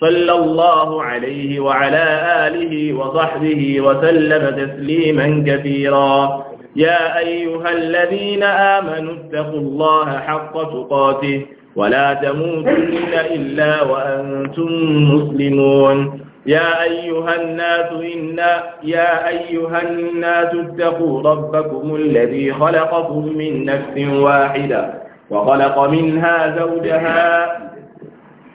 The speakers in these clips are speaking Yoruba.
صلى الله عليه وعلى آله وصحبه وسلم تسليما كثيرا يا أيها الذين آمنوا اتقوا الله حق تقاته ولا تموتن إلا وأنتم مسلمون يا أيها الناس إنا يا أيها الناس اتقوا ربكم الذي خلقكم من نفس واحدة وخلق منها زوجها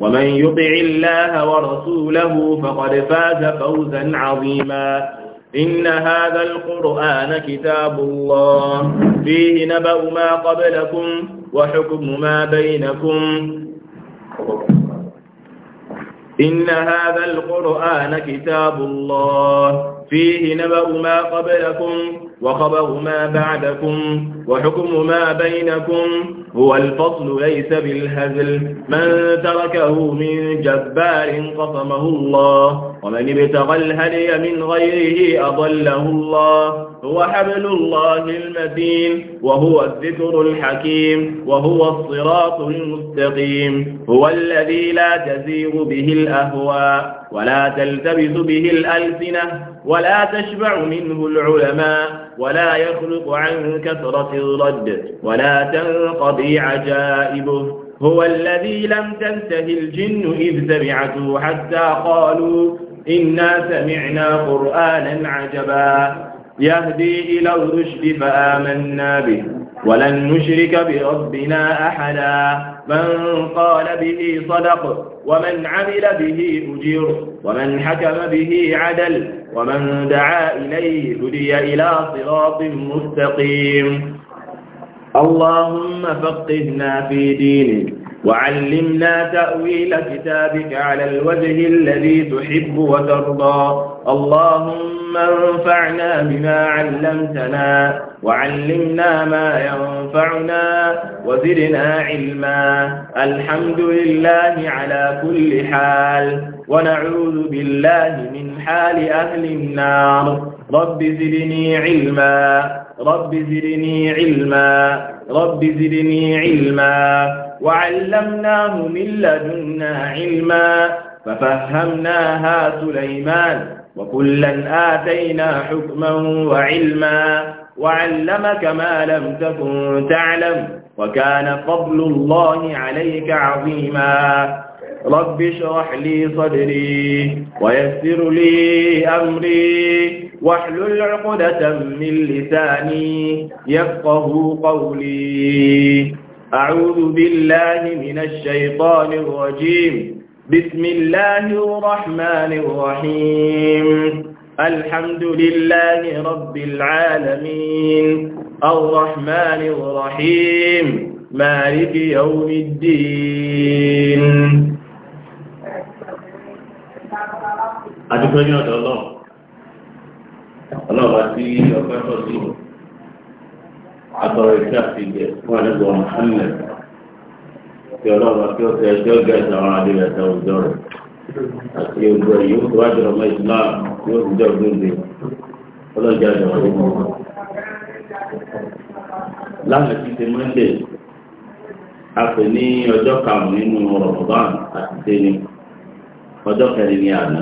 ومن يطع الله ورسوله فقد فاز فوزا عظيما إن هذا القرآن كتاب الله فيه نبأ ما قبلكم وحكم ما بينكم إن هذا القرآن كتاب الله فيه نبأ ما قبلكم وخبر ما بعدكم وحكم ما بينكم هو الفصل ليس بالهزل من تركه من جبار قصمه الله ومن ابتغى الهدي من غيره أضله الله هو حبل الله المتين وهو الذكر الحكيم وهو الصراط المستقيم هو الذي لا تزيغ به الأهواء ولا تلتبس به الألسنة ولا تشبع منه العلماء ولا يخلق عن كثرة الرد ولا تنقضي عجائبه هو الذي لم تنتهي الجن إذ سمعته حتى قالوا إنا سمعنا قرآنا عجبا يهدي إلى الرشد فآمنا به ولن نشرك بربنا أحدا من قال به صدق ومن عمل به أجير ومن حكم به عدل ومن دعا إليه هدي إلى صراط مستقيم اللهم فقهنا في دينك وعلمنا تأويل كتابك على الوجه الذي تحب وترضى اللهم انفعنا بما علمتنا وعلمنا ما ينفعنا وزدنا علما الحمد لله على كل حال ونعوذ بالله من حال أهل النار رب زدني علما رب زدني علما رب زدني علما وعلمناه من لدنا علما ففهمناها سليمان وكلا آتينا حكما وعلما وعلمك ما لم تكن تعلم وكان فضل الله عليك عظيما رب اشرح لي صدري ويسر لي أمري واحلل عقدة من لساني يفقه قولي أعوذ بالله من الشيطان الرجيم بسم الله الرحمن الرحيم الحمد لله رب العالمين الرحمن الرحيم مالك يوم الدين adúgbò ní ọ̀dọ̀ ọlọ́run ọlọ́run àti ọgbẹ́ tó sí àtọ̀rọ̀ ìṣe àti ìgbẹ́ fún àdúgbò ọ̀hánlẹ̀ tí ọlọ́run àti ọ̀sẹ̀ ẹjọ́ gẹ̀ẹ́sì àwọn adìrẹ̀ ẹ̀sẹ̀ òjò rẹ̀ àti ogun ẹ̀ yóò tó wájú ọmọ Islam yóò fi jẹ́ ògbóǹde ọlọ́jà àjọ ọ̀rẹ́ mọ́ lánàá ti ṣe Monday a pè ní ọjọ́ karùn-ún nínú Ramadan àti tẹ́lẹ̀ ọjọ́ kẹrin ni àná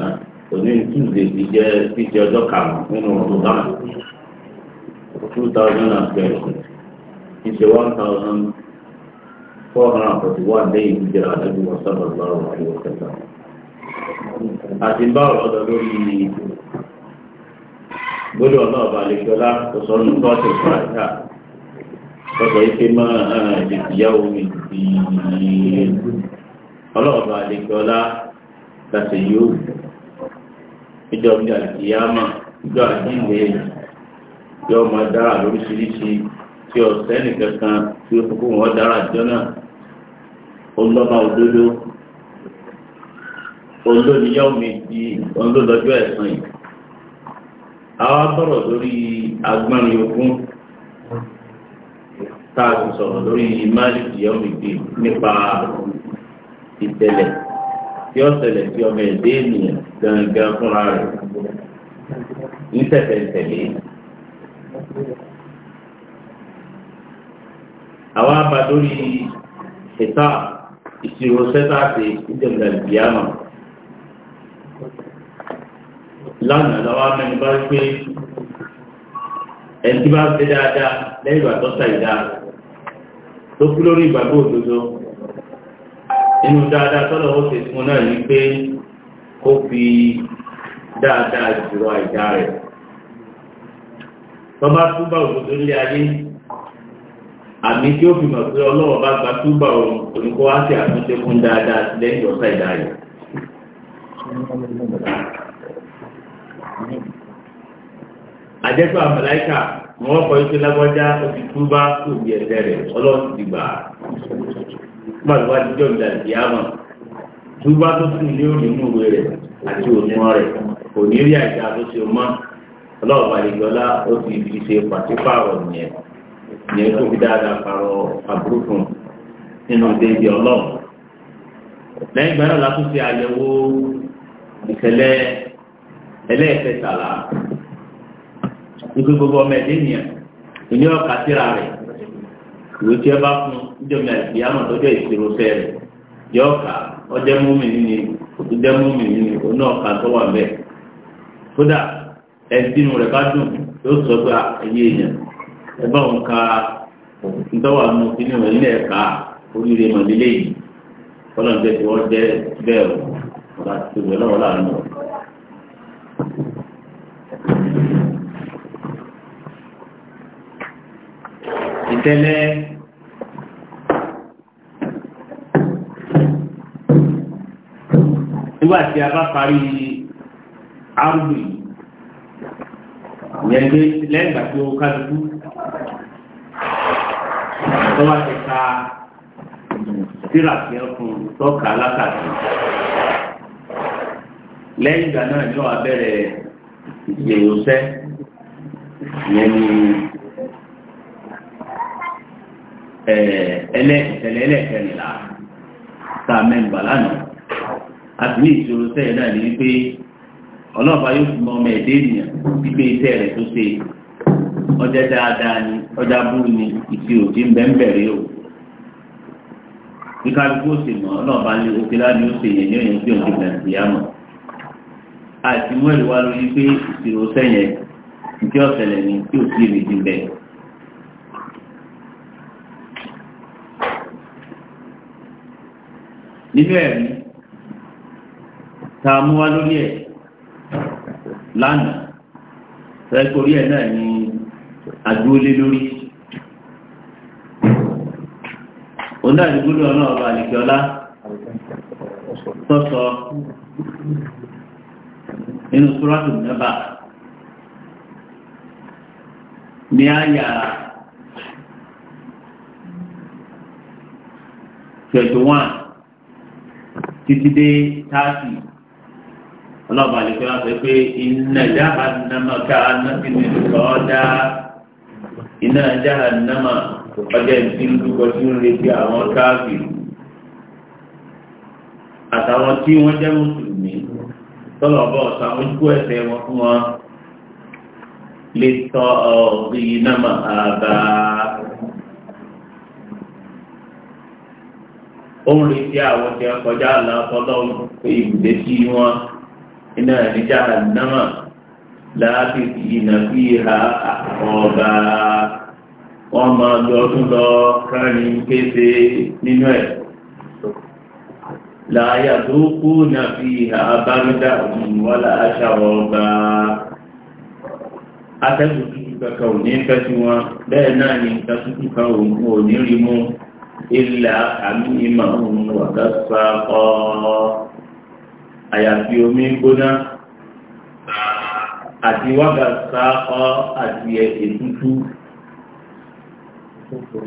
òní túnde ti jẹ́ ti jẹ́ ọjọ́ karùn-ún nínú ọdún báà two thousand and twelve ti ṣe one thousand four hundred and forty one lẹ́yìn ìjìrà àdébí wọn sábà lọ́rọ̀ àyè òkẹta. àti bá ọ̀rọ̀ lọ lórí gbọ́dọ̀ ọlọ́ọ̀bà lẹ́kọ́lá ọ̀sọ́nù tọ́sí fàájà tọ́sọ̀ ike máa ìdìbìyàwó mi di ọlọ́ọ̀bà lẹ́kọ́lá láti yóò ìjọ ní àtìyámà ìjọ àjíǹde yóò máa dára lóríṣiríṣi tí ọ̀sẹ́ nìkankan tí ó fún wọn dára jọ́nà ọlọ́ba òdodo olóníyàwó di olólọ́jọ́ ẹ̀sán yìí àwa sọ̀rọ̀ lórí agbọ́nrin ogún tá a sì sọ̀rọ̀ lórí máàlì ìyàwó di nípa ìtẹ̀lẹ̀ tí ó ṣẹlẹ̀ sí ọmọ ẹ̀dẹ́ ènìyàn gangan fúnra rẹ̀ ní tẹ̀tẹ̀tẹ̀lé. àwa bá lórí ṣètà ìṣirò ṣẹ́tà àti ìjọba ìbíyàmà lánàá lọ́wọ́ mẹ́rin bá pé ẹni tí bá ń ṣe dáadáa lẹ́yìn ìgbà tó ṣàìdá tó kú lórí ìgbàgbọ́ òdodo inú dáadáa tọ́lọ̀ ó fi fún náà yìí pé kó fi dáadáa jùlọ àìdá rẹ̀ tọ́bá túbà òdòdó ilé ayé àmì tí ó fi mọ̀ pé ọlọ́wọ́ bá gba túbà òun wá sí àtúnṣe fún dáadáa lẹ́yìn ọ̀sẹ̀ ìdá rẹ̀ àjẹ́pẹ́ àmàláìkà wọ́n kọ́ ikú lágbájá ó fi túbá kò ẹ̀fẹ́ rẹ̀ ọlọ́run ti gbà á gbàdúrà wá jíjọ́ ìjà ìyáàmà tó bá tó sì ní òní mú ìwé rẹ̀ àti òmùọ́ rẹ̀ kò ní rí àìsí àtúnṣe mọ́ ọlọ́ọ̀bà ìgbọ́lá ó ti fi ṣe pàṣípààrọ̀ nìyẹn ìyẹn tó fi dáadáa parọ́ àbúrò fún nínú déédéé ọlọ́run lẹ́yìn ìgbà náà látúnṣe àyẹ̀wò ìṣẹ̀lẹ̀ ẹlẹ́ẹ̀kẹtàlá ìgbé gbogbo ọmọ ẹ̀dẹ́ nìyẹn ìní ọ̀kà síra rẹ̀ ìwé tí ẹ bá fún ìjọba ìyáàmọ̀ lọ́jọ́ ìṣirò sẹ́ẹ̀rẹ̀ yọ ọ̀kà ọjẹ́ múmi nínú òtú jẹ́ múmi nínú òun náà kà tó wà bẹ́ẹ̀ kódà ẹ̀dínú rẹ̀ bá dùn yóò sọ pé ayé èèyàn ẹ bá òun ka ntọ́wà mú sínú ìwé nílẹ̀ ẹ̀ka oríire yìí wọ́n jẹ́ bẹ́ẹ̀ ọ̀la wẹ̀ lọ́wọ́ ní tẹ́lẹ̀ nígbà tí a bá parí arúgbó yìí yẹn gbé lẹ́yìn ìgbà tí ó kálukú tó wá ti ka síra fi ẹkùn tọ́ka lákàtì lẹ́yìn ìgbà náà ni wọ́n á bẹ̀rẹ̀ yẹn ni. ẹlẹ́kẹ̀tẹ̀lẹ̀ eh, ẹlẹ́kẹ̀rìnlá tá a mẹ́nubà lánàá àti ní ìṣòro sẹ́yìn náà ní wípé ọlọ́ọ̀bá yóò fi ọmọ ẹ̀dẹ́ ènìyàn wípé iṣẹ́ rẹ̀ tó ṣe ni ọjà búrú ni ìṣirò tí ń o ó sì mọ ọlọ́ọ̀bá ní oṣù láti ó ṣe yẹn ní òyìn tí òṣù bẹ̀rẹ̀ sí yámọ̀ àti mú ẹ̀rí wá lórí pé ni tí ò nínú ẹ̀rí tá a mú wá lórí ẹ̀ lánàá rẹ́kọ̀rí ẹ̀ náà ni àdúólé lórí oná ìdúgbòdò ọ̀nà ọba àlìkíọ́lá tọ́sọ nínú súrọ́tù nẹ́bà ní àyà twenty one títí dé táàtì ọlọ́ọ̀bà lè fẹ́ wá sọ pé iná jahannama ká anáfi ní sọ́ọ́dá iná jahannama ọjà ìdí dúkọ tí ń retí àwọn káàkiri àtàwọn tí wọ́n jẹ́ mùsùlùmí tọ́lọ̀bọ̀ ọ̀sán ojú ẹ̀fẹ́ wọn fún wọn lè tọ́ ọ̀gbìn náà àbáà. ó ń retí àwọn tí wọ́n kọjá àlàfọlọ́run pé ibùdó sí wọn iná ìdíjà náà láti ìyìnà fi ha ọba wọ́n máa lọ tún lọ kárin kéde nínú ẹ̀ láyà tó kú na fi ha abárídà wàlá aṣà ọba atẹ́gùn tuntun kankan ò ní fẹ́ sí wọn bẹ́ẹ̀ náà ni nǹkan tuntun kan ò ní rí mú ilẹ̀ àmìmọ̀ wàtàṣà kọ́ àyàfi omi gbóná àti wàtàṣà kọ́ àti ètútù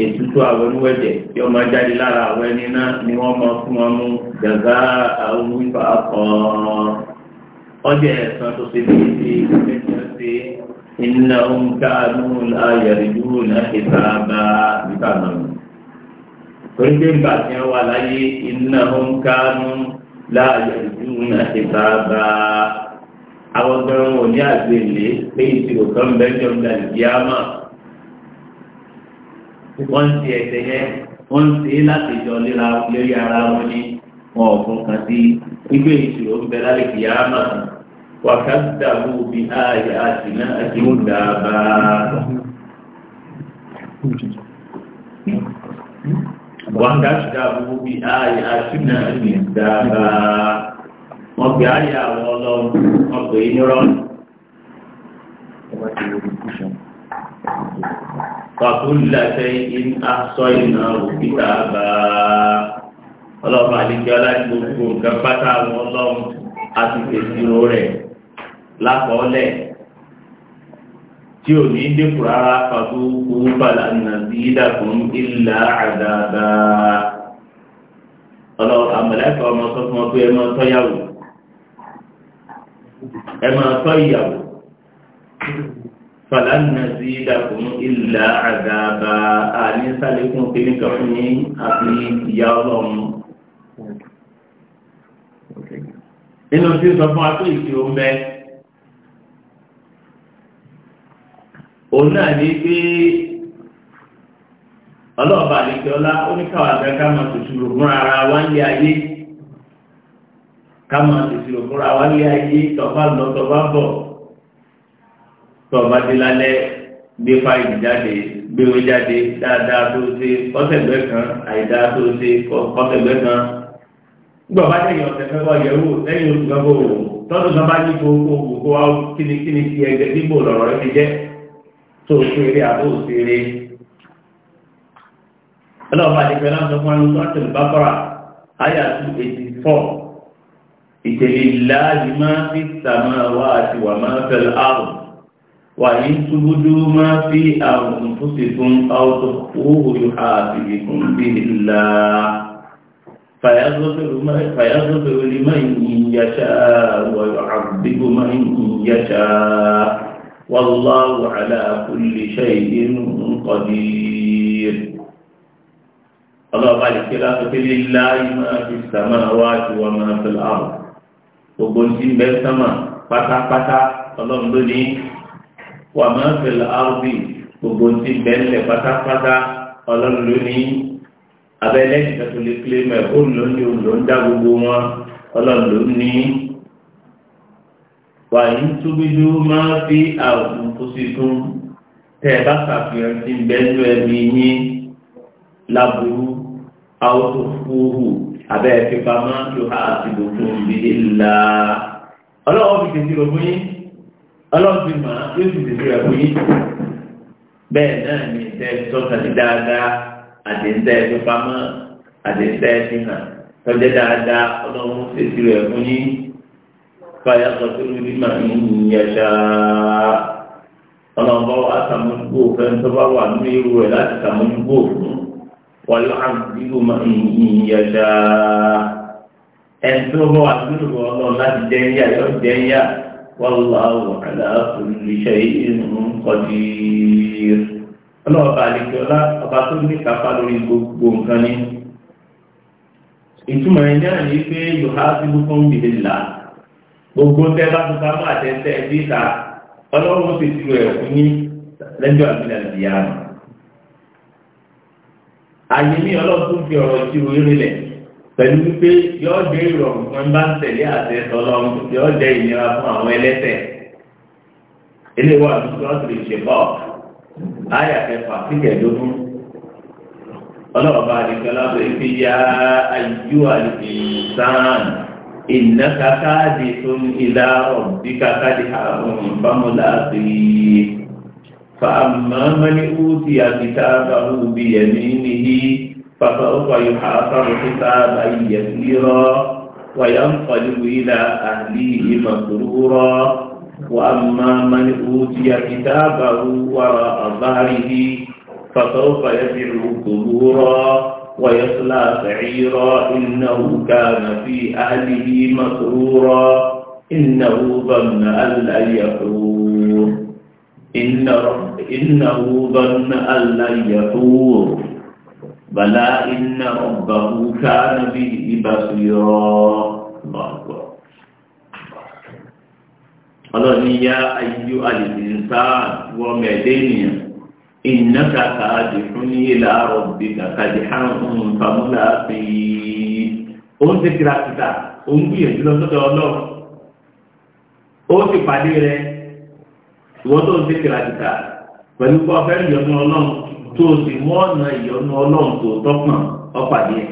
ètútù àwọn oníwẹ̀jẹ̀ tí wọ́n máa jáde lára àwọn ẹni náà ni wọ́n máa fún wọn mú gàgá àwọn onífà kọ́ ọjọ́ ẹ̀sán tó ṣe bíi ti ìgbésẹ̀ ṣe ìnáwó ń káàánú láyàrídúró náà ìta bá níta náà torí pé nígbà tí wọ́n wà láyé iná ń kánú láàyè ìdúnà ti bàbá àwọn ọgbẹ́rún wọn ní àgbèlè pé ìṣirò kan bẹ́ẹ̀ jọ gbàlùkíámà wọ́n ti ẹ̀sẹ̀ yẹn wọ́n ṣe é láti jọ léra lórí ara wọn ní wọn ọ̀fun kan sí gbígbé ìṣirò ń bẹ lálẹ́ kìámà wàkàtàbù bí ààyè àti náà ti ń dàbà wọ́n dá ṣùgbọ́n àbúrú bí ààyè àṣìnà ní dáadáa wọ́n pè ààyè àwọn ọlọ́run wọ́n pè é nírọ́. Fàkúlùlàṣẹ in aṣọ ìnà òkúta bá ọlọ́run àlejò aláìsí gbogbo nǹkan pátá àwọn ọlọ́run a ti rẹ̀ lákọọ́lẹ̀ tí ò ní dínkù rárá pàtó owó bàlá nàbí dàkún ìlà àdàbà ọlọ́run àmọ̀lẹ́kọ̀ ọmọ sọ fún ọ pé ẹ máa tọ́yàwó ẹ máa tọ́ ìyàwó fàlà nàbí dàkún ìlà àdàbà àní sálẹ̀kùn kìnnìkà fún yín àti ìyá ọlọ́run. nínú tí sọ fún wa pé ìṣirò òun náà ní pé ọlọ́ọ̀bà àdìgbọ́lá oníkàwà fẹ́ ká máa tòṣìlò fúnra ara wá ń ayé ká máa tòṣìlò fúnra wá ń ayé lọ bọ̀ kan àìdáa tó ṣe kọ́sẹ̀gbẹ́ kan gbọ́ bá tẹ̀yìn ọ̀sẹ̀ mẹ́kọ̀ yẹ̀wò lẹ́yìn oṣù kan bá kó kó kó wá kíni kíni ti ẹgbẹ́ tó kéré àbó òṣèré ọlọ́ọ̀bá ti fẹ́ láti fún ẹni tó àti ìbáfọ́ra àyà 284 ìtẹ̀lẹ̀ láàyè máa fi sàmà wá àti wà máa fẹ́ àrùn wà ní túbúdú máa fi àrùn tó sì fún bí ìlà fàyàzọ́fẹ̀rẹ̀ lè máa ń yíyàṣá wà yóò àbúgbò máa ń yíyàṣá والله على كل شيء قدير الله قال كلا لله ما في السماوات وما في الأرض gbogbo ti ń bẹ sánmà pátápátá ọlọ́run ló ní wà máa ń fẹ̀lẹ̀ áwùbí gbogbo ti ń bẹ ńlẹ̀ pátápátá ọlọ́run ló ní abẹ́lẹ́ ìtàkùn lè kílé mẹ́ òun ló ní òun ló ń dá gbogbo wọn ọlọ́run ló ní wà ní túbídú máa fi àwùjọ tó sì tún tẹ bá ṣàfihàn sí bẹ́ẹ̀lú ẹbí yín láburú àwòtò fúhù abẹ́ fipá máa ń lo àtìbò tó ń bi ìlà ọlọ́wọ́ fi tètè rẹ̀ fún yín ọlọ́wọ́ fi mà yóò fi tètè rẹ̀ fún yín bẹ́ẹ̀ náà ní ìtẹ́ sọ́kà sí dáadáa àdéńtẹ́ fipá máa àdéńtẹ́ fi hàn tọ́jẹ́ dáadáa ọlọ́wọ́ fi tètè rẹ̀ fún yín. فيغفر لمن يشاء ọlọ́ọ̀bá wa sàmójúgbò fẹ́ẹ́ tó bá wà nínú irú rẹ̀ láti sàmójúgbò fún wọ́n yóò hàn sí irú ìyẹ̀ṣà ẹni tó bá wà nínú irú ọlọ́ọ̀ láti dẹ́yà yóò dẹ́yà wallahu ala kulli shay'in qadir. ọlọ́ọ̀bá àlejòlá ọba tó ní kápá lórí gbogbo nǹkan ni ìtumọ̀ ẹ̀ náà ní pé yóò há gbogbo ń bìlẹ̀ là gbogbo tẹ bá tó sábà àtẹ̀tẹ̀ díta ọlọ́run ti tu ẹ̀ fún yín lẹ́jọ́ àbílẹ̀ ìyá mi. àyè mi ọlọ́run tún fi ọ̀rọ̀ ìṣirò ìrìnlẹ̀ pẹ̀lú wípé yọ́ọ́ jẹ́ ìrọ̀rùn fún bá ń tẹ̀lé àtẹ tọ́lọ́run yọ́ọ́ jẹ́ ìnira fún àwọn ẹlẹ́tẹ̀ ilé wa ní sọ́ọ́sì lè ṣe bọ́ọ̀ ayà kẹfà síkẹ̀ẹ́dógún ọlọ́ọ̀bá àdìgbọ́lá bẹ̀rẹ̀ fi yá ayú àdìgbì sáà إنك كادح إلى ربك كدحا فملاقيه فأما من أوتي كتابه بيمينه فسوف يحاسب حسابا يسيرا وينقلب إلى أهله مسرورا وأما من أوتي كتابه وراء ظهره فسوف يدعو ثبورا ويصلى سعيرا إنه كان في أهله مسرورا إنه ظن أن لن يحور إن رب إنه ظن أن لن يحور بلى إن ربه كان به بصيرا الله أكبر الله يا أيها الإنسان ومدينه ìnáka káàdì fún ní ilà ọ̀bì kàkàdì hàn fàmúlà fi ó ń ṣe kìràkìtà ó ń gbìyànjú lọ́sọ́dọ̀ ọlọ́run ó ti pàdé rẹ ìwọ́n tó ń ṣe kìràkìtà pẹ̀lú pé ọ̀fẹ́ ìyọnu ọlọ́run tó o sì mú ọ̀nà ìyọnu ọlọ́run tó tọ́kàn ọ̀pàdé ẹ̀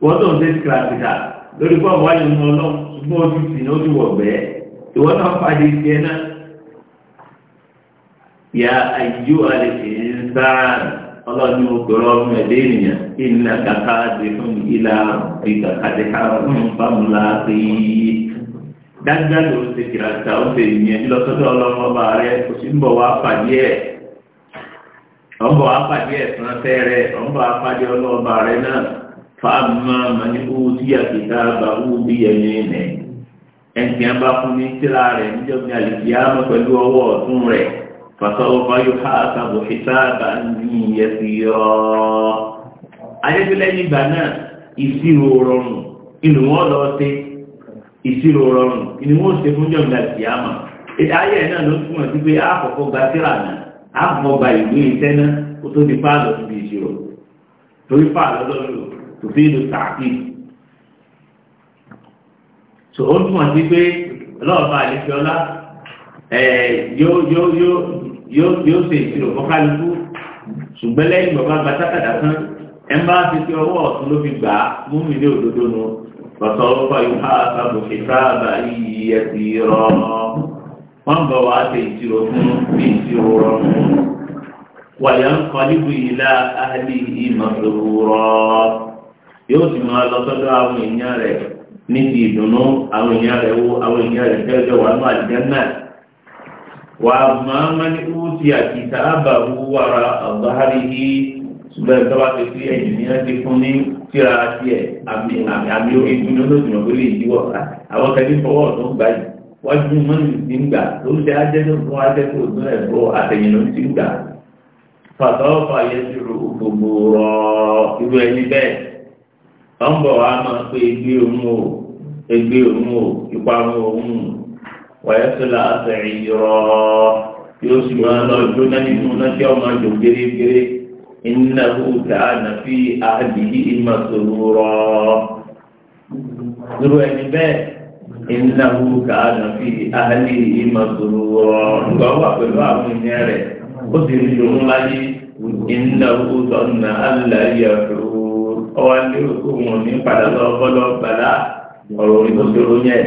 ìwọ́n tó ń ṣe kìràkìtà lórí pé ọ̀wá ìyọnu ọlọ́run ṣùgbọ́n o ti sìn ó ti wọ̀ bẹ́ẹ̀ ìwọ́n náà pàdé tiẹ̀ náà ya ayú àlejò ń sáàrì ọlọ́run ó gbọ́rọ̀ ọmọ ẹ̀dẹ́ ènìyàn kí ní àkàkà dé fún ìlà ìkàkàdékà ń fámúlá sí i dájúdájú ó ti kìràtà ó ti yẹn lọ́sọ́dọ̀ ọlọ́run ọba rẹ kò sí ń bọ̀ wá pàdé ẹ̀ ọ̀bọ̀ apàdé ẹ̀sán fẹ́rẹ̀ ọ̀bọ̀ apàdé ọlọ́ọ̀bà rẹ̀ náà fáàmà mani ó tí àkìtà bá ó ní tíra rẹ̀ níjọ́ ní فسوف يحاسب حسابا يسيرا ayébílẹ̀ ìgbà náà ìṣirò rọrùn inú wọn lọ sí ìṣirò rọrùn inú wọn ṣe fún jọ̀ǹda ìyáma ayé náà ló túmọ̀ sí pé àkọ́kọ́ gba síra náà àkọ́kọ́ gba ìlú iṣẹ́ náà kó tó di fáàlọ́ síbi ìṣirò torí fáàlọ́ lọ́rùn tó fi ìlú tààkì ó túmọ̀ sí pé lọ́ọ̀bá àlejò yóò yóò yóò yóò ṣe ìṣirò fọ́kálukú ṣùgbọ́n lẹ́yìn bàbá gba sákàdá tán ẹ̀ ń bá ti fi ọwọ́ ọ̀tún ló fi gbà á mú mi ní òdodo nu bàtọ̀ ọlọ́pàá yóò há sábò ṣe sáàbà yìí ẹ̀ ti rọ wọ́n bọ̀ wá ṣe ìṣirò fún bí ìṣirò rọrùn wàyà ń kọ́ níbi ìlà áhàlì ìmọ̀sòwòrọ̀ yóò sì máa lọ sọ́dọ̀ àwọn èèyàn rẹ̀ níbi ìdùnnú àwọn èèyàn rẹ̀ wo àwọn èèyàn rẹ̀ fẹ́ẹ́ وأما ma أوتي كتابه وراء ظهره ṣùgbọ́n tó bá ti fi ti fún ní tíra ẹ̀ àmì lè àwọn kẹ́lí fọwọ́ gbà yìí wọ́n ti ti ń gbà tó ń gbogbo rọ irú ẹni bẹ́ẹ̀ bọ̀ wá máa pé o òun o òun wàyẹ́sọ̀lá àtẹ̀yìnrọ̀ yóò sì máa lọ jóná nínú náà tí ọmọ àjò gérégéré ìnáwó tààna fi àdìyí ìmọ̀sòrò rọ̀ dúró ẹni bẹ́ẹ̀ ìnáwó tààna fi àdìyí ìmọ̀sòrò rọ̀ nígbà wà pẹ̀lú àwọn ènìyàn rẹ̀ ó sì rí òun láyé ìnáwó tọ́nà aláyà fúru ọwọ́ ní òkú wọn ní padà lọ́wọ́ lọ́ọ́ ọ̀rọ̀ orí yẹn.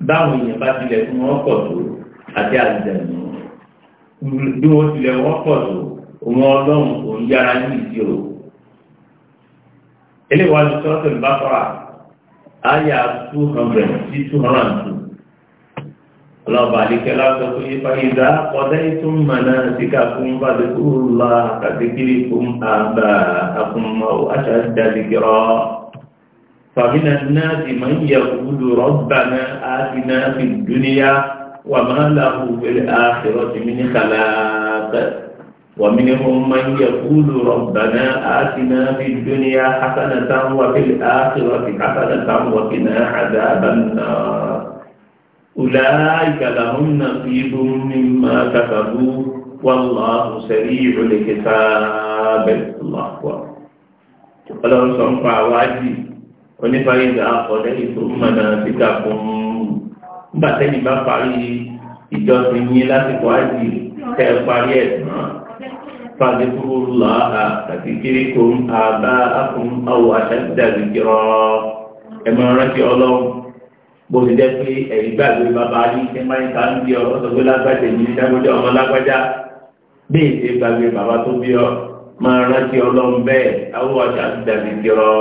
báwọn èèyàn bá tilẹ̀ fún wọn pọ̀ tó àti àlùjẹ̀nù bí wọ́n tilẹ̀ wọ́n pọ̀ tó òun ọlọ́run òun yára ní ìdí o. eléyìí wá ní sọ́ọ̀tù ìbáfọ́ra àyà two hundred sí two hundred and two. ọlọ́ọ̀bà àdékẹ́lá sọ pé tó ń mọ̀ náà sí ká fún la fún àfúnmọ́ فمن الناس من يقول ربنا آتنا في الدنيا وما له في الآخرة من خلاق ومنهم من يقول ربنا آتنا في الدنيا حسنة وفي الآخرة حسنة وقنا عذاب النار أولئك لهم نصيب مما كسبوا والله سريع الحساب الله أكبر. Ọlọ́run sọ ń onífàyè ìgbà àkọlẹ ìfowópamọ́ síta fún nígbà tẹ́yìn bá parí ìjọsìn yín lásìkò àjì tẹ́ parí ẹ̀ tán fàdékúrú làáhà àti kíríkò àbá àkùn àwọ̀ àṣàtìdá ìgbìrọ̀ ẹ máa rántí ọlọ́run bó ti jẹ́ pé ẹ̀rí gbàgbé bàbá yín ṣe máa ń ta ń bí ọ ọ̀sọ̀gbé lágbàjẹ́ yìí ọmọ lágbàjá bí èsè gbàgbé bàbá tó bí ọ. máa rántí ọlọ́run bẹ́ẹ̀ àwọn ọjà ti dàbí kírọ́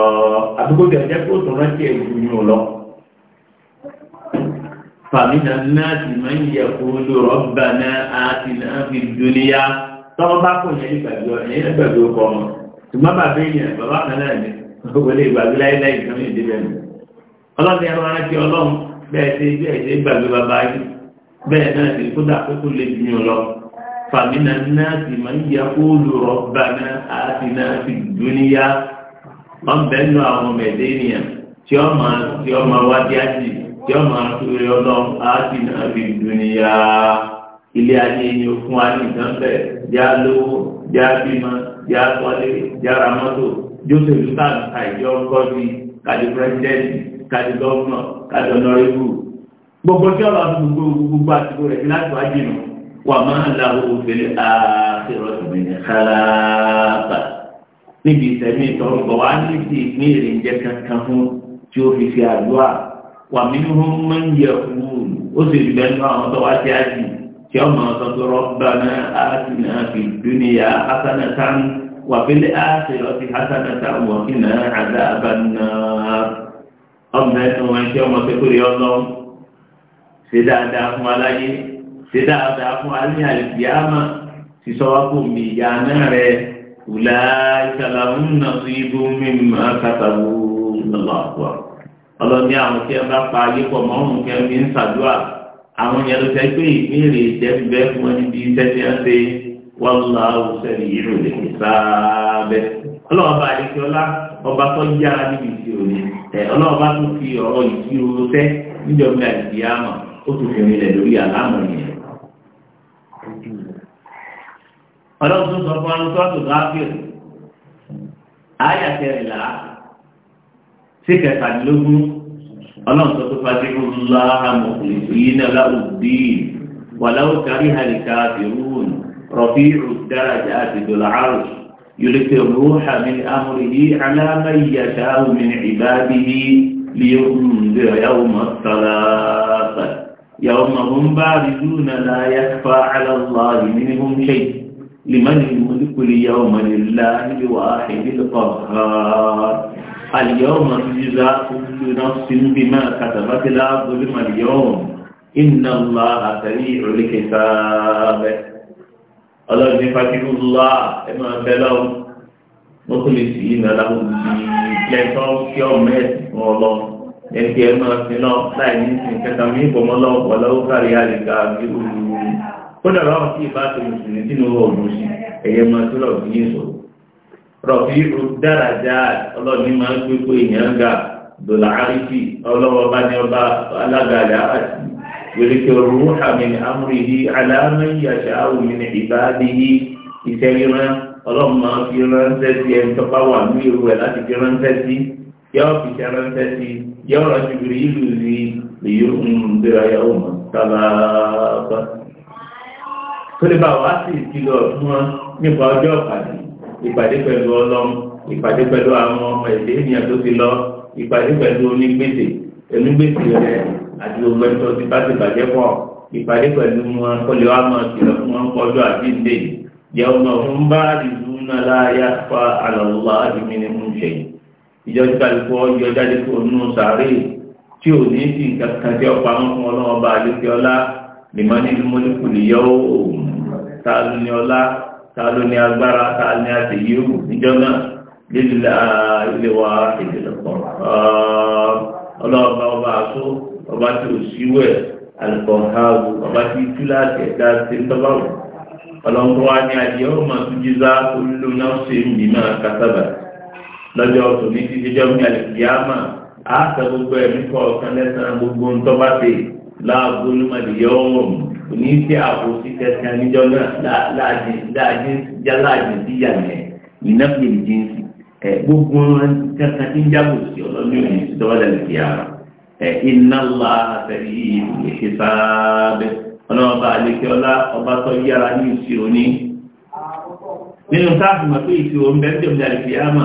àdúgbò kó tún rántí ẹ̀jú yìí lọ. fàmínà náà ti máa ń yẹ kó lórọ́ bá náà á ti náà fi dúníyà tọ́wọ́ bá kò yẹn ìgbàgbé ọ̀nà yẹn ìgbàgbé ọkọ̀ ọmọ bàbá bàbá kan náà wọlé ìgbàgbé kan ní ìdíbẹ̀ mi. ọlọ́run yẹn máa rántí ọlọ́run bẹ́ẹ̀ bẹ́ẹ̀ bàbá yìí bẹ́ẹ̀ náà ti فمن الناس من يقول ربنا آتنا في الدنيا wọ́n bẹ́ẹ̀ nù àwọn ọmọ ẹ̀dẹ́ ènìyàn tí ó máa tí ó máa wá dí àjì tí ó máa sórí ọlọ́run àtìnà fi dùnìyà ilé ayé ni ó fún wa ní nǹkan bẹ́ẹ̀ já lówó já bímọ já kọ́lé já ra mọ́tò jósè lùtàn àìjọ kọ́bí kàdí pírẹsidẹ́ntì kàdí gọ́vnọ̀ kàdí ọ̀nọ́rẹ́bù gbogbo tí ọ̀rọ̀ àti gbogbo gbogbo àtìkò rẹ̀ láti wá jìnnà wà máa láwọ òfin àfihàn ìgbìyànjú kálábà níbi ìsẹ̀mí ìtọ́rọ bọ̀ wá níbi ìpín èrìǹjẹ kankan fún tí ó fi fi àdúrà wà mí ní wọn máa ń yẹ òun ó sì rí bẹ́ẹ̀ nínú àwọn tó wá sí àjì tí ọmọ ọ̀sọ̀tọ̀ rọ́bàná àtìnà fi dúnìyà hasanatan wà fílẹ̀ àfihàn ti hasanatan wà kínà àdáàbànà ọmọ ẹ̀sùn wọn tí ọmọ pẹ́kúrẹ́ ọlọ́ ṣe dáadáa fún aláyé ṣe dáadáa fún alẹ́ àlùkìyàmà ti sọ wá kó mi ìyá náà rẹ wùlá ìsàlámù nà sí ibú mímú akátàwó lọ́wọ́ àpò ọlọ́ni àwọn tí ẹ bá pa ayé pọ̀ mọ́rùn kẹ́mi ń ṣàdúrà àwọn yẹn ló fẹ́ pé ìbéèrè ìjẹ́bíbẹ́ fún wọn níbi iṣẹ́ tí wọ́n ṣe wọ́n lọ àwùjọ ìyẹn ò lè fi sáábẹ́. ọlọ́wọ́ bá ọba tó yára níbi ìṣirò ni ọlọ́wọ́ bá tún fi ọ̀rọ̀ ìṣirò tẹ́ níjọba ìdíyàmọ̀ ó tún fi rìnlẹ̀ lórí àlámọ̀ yẹn. ọlọ́run tó sọ fún wa lọ́tọ́ tó gáfíò ayàtẹ̀rìnlá sí kẹtàdínlógún ọlọ́run tó tó fàájì fún láàmù ìlúyìnà láwùdí wàláwù kárí àríkà bìrún rọ̀bí ìdárajà àti dọ̀làárù yòlùkẹ́ rúhà mi amúrí yìí alámàyàṣà min ìbáàbí لينذر يوم الصلاة يوم هم باردون لا يخفى على الله منهم شيء لمن الملك اليوم لله الواحد القهار اليوم تجزى كل نفس بما كتبت لا ظلم اليوم إن الله سريع الحساب الله نفكر الله إما بلو مخلصين له lẹ́tọ́ kí ọmọ ẹ̀sìn ọlọ ẹ̀sìn ẹ̀mọ́ ẹ̀sìn náà láì ní ìsìn kẹta mí kódà báwọn tí ìbá tó mùsùlùmí tí ní owó ọ̀run sí ẹ̀yẹ máa tó lọ́ọ̀ fi sọ̀rọ̀ rọ̀fí dára já ọlọ́ọ̀ni máa ń gbé pé èèyàn ga dòlà àríkì ọlọ́wọ́ bá ní ọba alágàdá àti wèlékè ọ̀rùn àmìnì amúrìhì aláàmì àṣà òmìnì ìbáàdìhì ìṣẹ́yìnrán ọlọ́run máa fi ránṣẹ́ sí ẹni tó bá wà ní ìrú ẹ̀ láti fi ránṣẹ́ sí yọ fi ṣe ránṣẹ́ sí yọ rọ̀ ìlú sí lèyí ń kó lè bá wa sì ìkìlọ̀ fún wọn nípa ọjọ́ ìpàdé ìpàdé pẹ̀lú ọlọ́m ìpàdé pẹ̀lú àwọn ọmọ èdè ènìyàn tó ti lọ ìpàdé pẹ̀lú onígbèsè onígbèsè rẹ̀ àti gbogbo ẹ̀tọ́ ti bá ti bàjẹ́ pọ̀ ìpàdé pẹ̀lú wọn kó lè wá mọ̀ ìkìlọ̀ fún wọn kọjọ́ ọjọ́ jáde kó nù sàárè tí ò ní sí nǹkan kan lè má ní ìlú mọ́lẹ́kùlì yẹ̀wò òun ta ló ní ọlá ta ló ní agbára ta ní àtẹ̀yẹ́wò níjọ́ náà lílà ilé wa ìdílé kan ọlọ́ọ̀bá ọba àtó ọba tí ò síwẹ̀ alùpàáwù ọba tí túláàtì ẹ̀dá ti ń tọ́ba wù ọlọ́nkọ́ wa ní adìẹ ó máa tún jíza olúlo náà ṣe ń bì náà kásábà lọ́jọ́ tó ní ti jẹjọ́ mi àlùkìyàmà á sọ gbogbo ẹ̀mí kọ̀ọ̀kan lẹ́sàn-án gbogbo ń tọ́ba tè láàbò olúmọdé yọ̀ ọ́ kò ní sí ààbò sí kẹsàn-án níjọ́ náà láàájín síyà yẹn ìnáfíìlì jíǹsì gbogbo kẹsàn-án tí ń jábò sí ọlọ́dún yìí sí dọ́wọ́dà lè fi ara iná ńlá àfẹ́rí ìṣe sáábẹ́ ọlọ́ọ̀bá àlékẹ́ọ́lá ọba tó yára ní ìṣirò ní nínú káàfù mọ̀ pé ìṣirò ń bẹ́ẹ̀ tẹ̀lé àlùfíàmà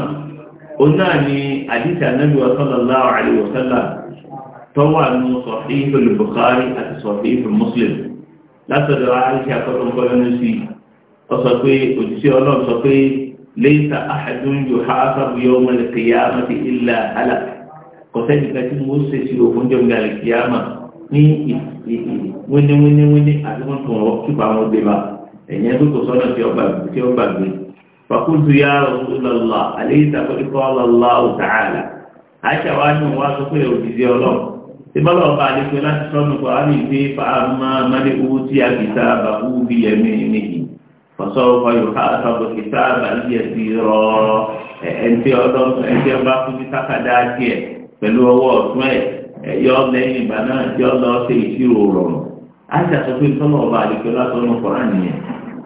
òun náà ni àdìsí ànábì sallallahu alaihi wasallam látọ̀dọ̀ àìsí àkọ́tọ̀ǹkọ́ lọ́nà sí ọ sọ pé òjíṣẹ́ ọlọ́run sọ pé laysa ahadun yuhasabu yawma al-qiyamati illa halak kọ̀sẹ́ni kan tí mo ṣe sí òfin jọ̀ǹgà al-qiyama ní wíníwíníwíní àti wọ́n tún ọ̀ kíkọ́ àwọn ọgbẹ́ bá ẹ̀yẹn tó kò sọ́nà tí ó gbàgbé fakultu ya Rasulullah alayhi ta'ala qala Allahu ta'ala àṣà wa ni wọ́n á sọ pé òjíṣẹ́ ọlọ́run ìbára ọba àdékò láti sọ́nù kọ́ á lè gbé fàámà mọ́lẹ́ owó tí a fi sá bàbú bí ẹ̀mí nìyí fọ́sọ́ ọkọ̀ yóò ká àtàbọ̀ kì sá bàbí ẹ̀ sí rọ ẹ̀ǹtẹ́ ọdọ́ ẹ̀ǹtẹ́ ọba fún mi sákàdá díẹ̀ pẹ̀lú ọwọ́ ọ̀tún ẹ̀ yọ lẹ́yìn ìgbà náà tí ó lọ sí ìṣirò rọrùn á ti àsọpé sọ́nù ọba àdékò látọ̀nù kọ́rá nìyẹn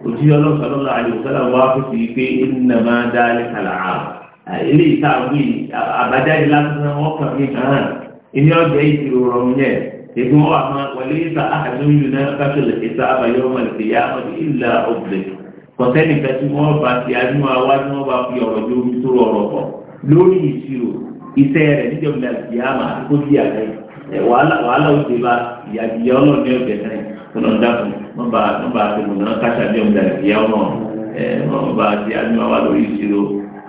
òtí ọlọ́sọ̀lọ́ ihe ọ ga-eyiri ụrọ nye ego ọha wale ịta aha n'oyu na kásìlẹ̀ ìta abalị ọmọ ìpè ya ọdí ilẹ̀ ọ̀gbẹ̀ kọ̀tẹ́nì kẹtí wọn bá ti anú àwa ni fi omi lórí ìṣirò ya di wàhálà òde bá náà náà ya ọmọ ẹ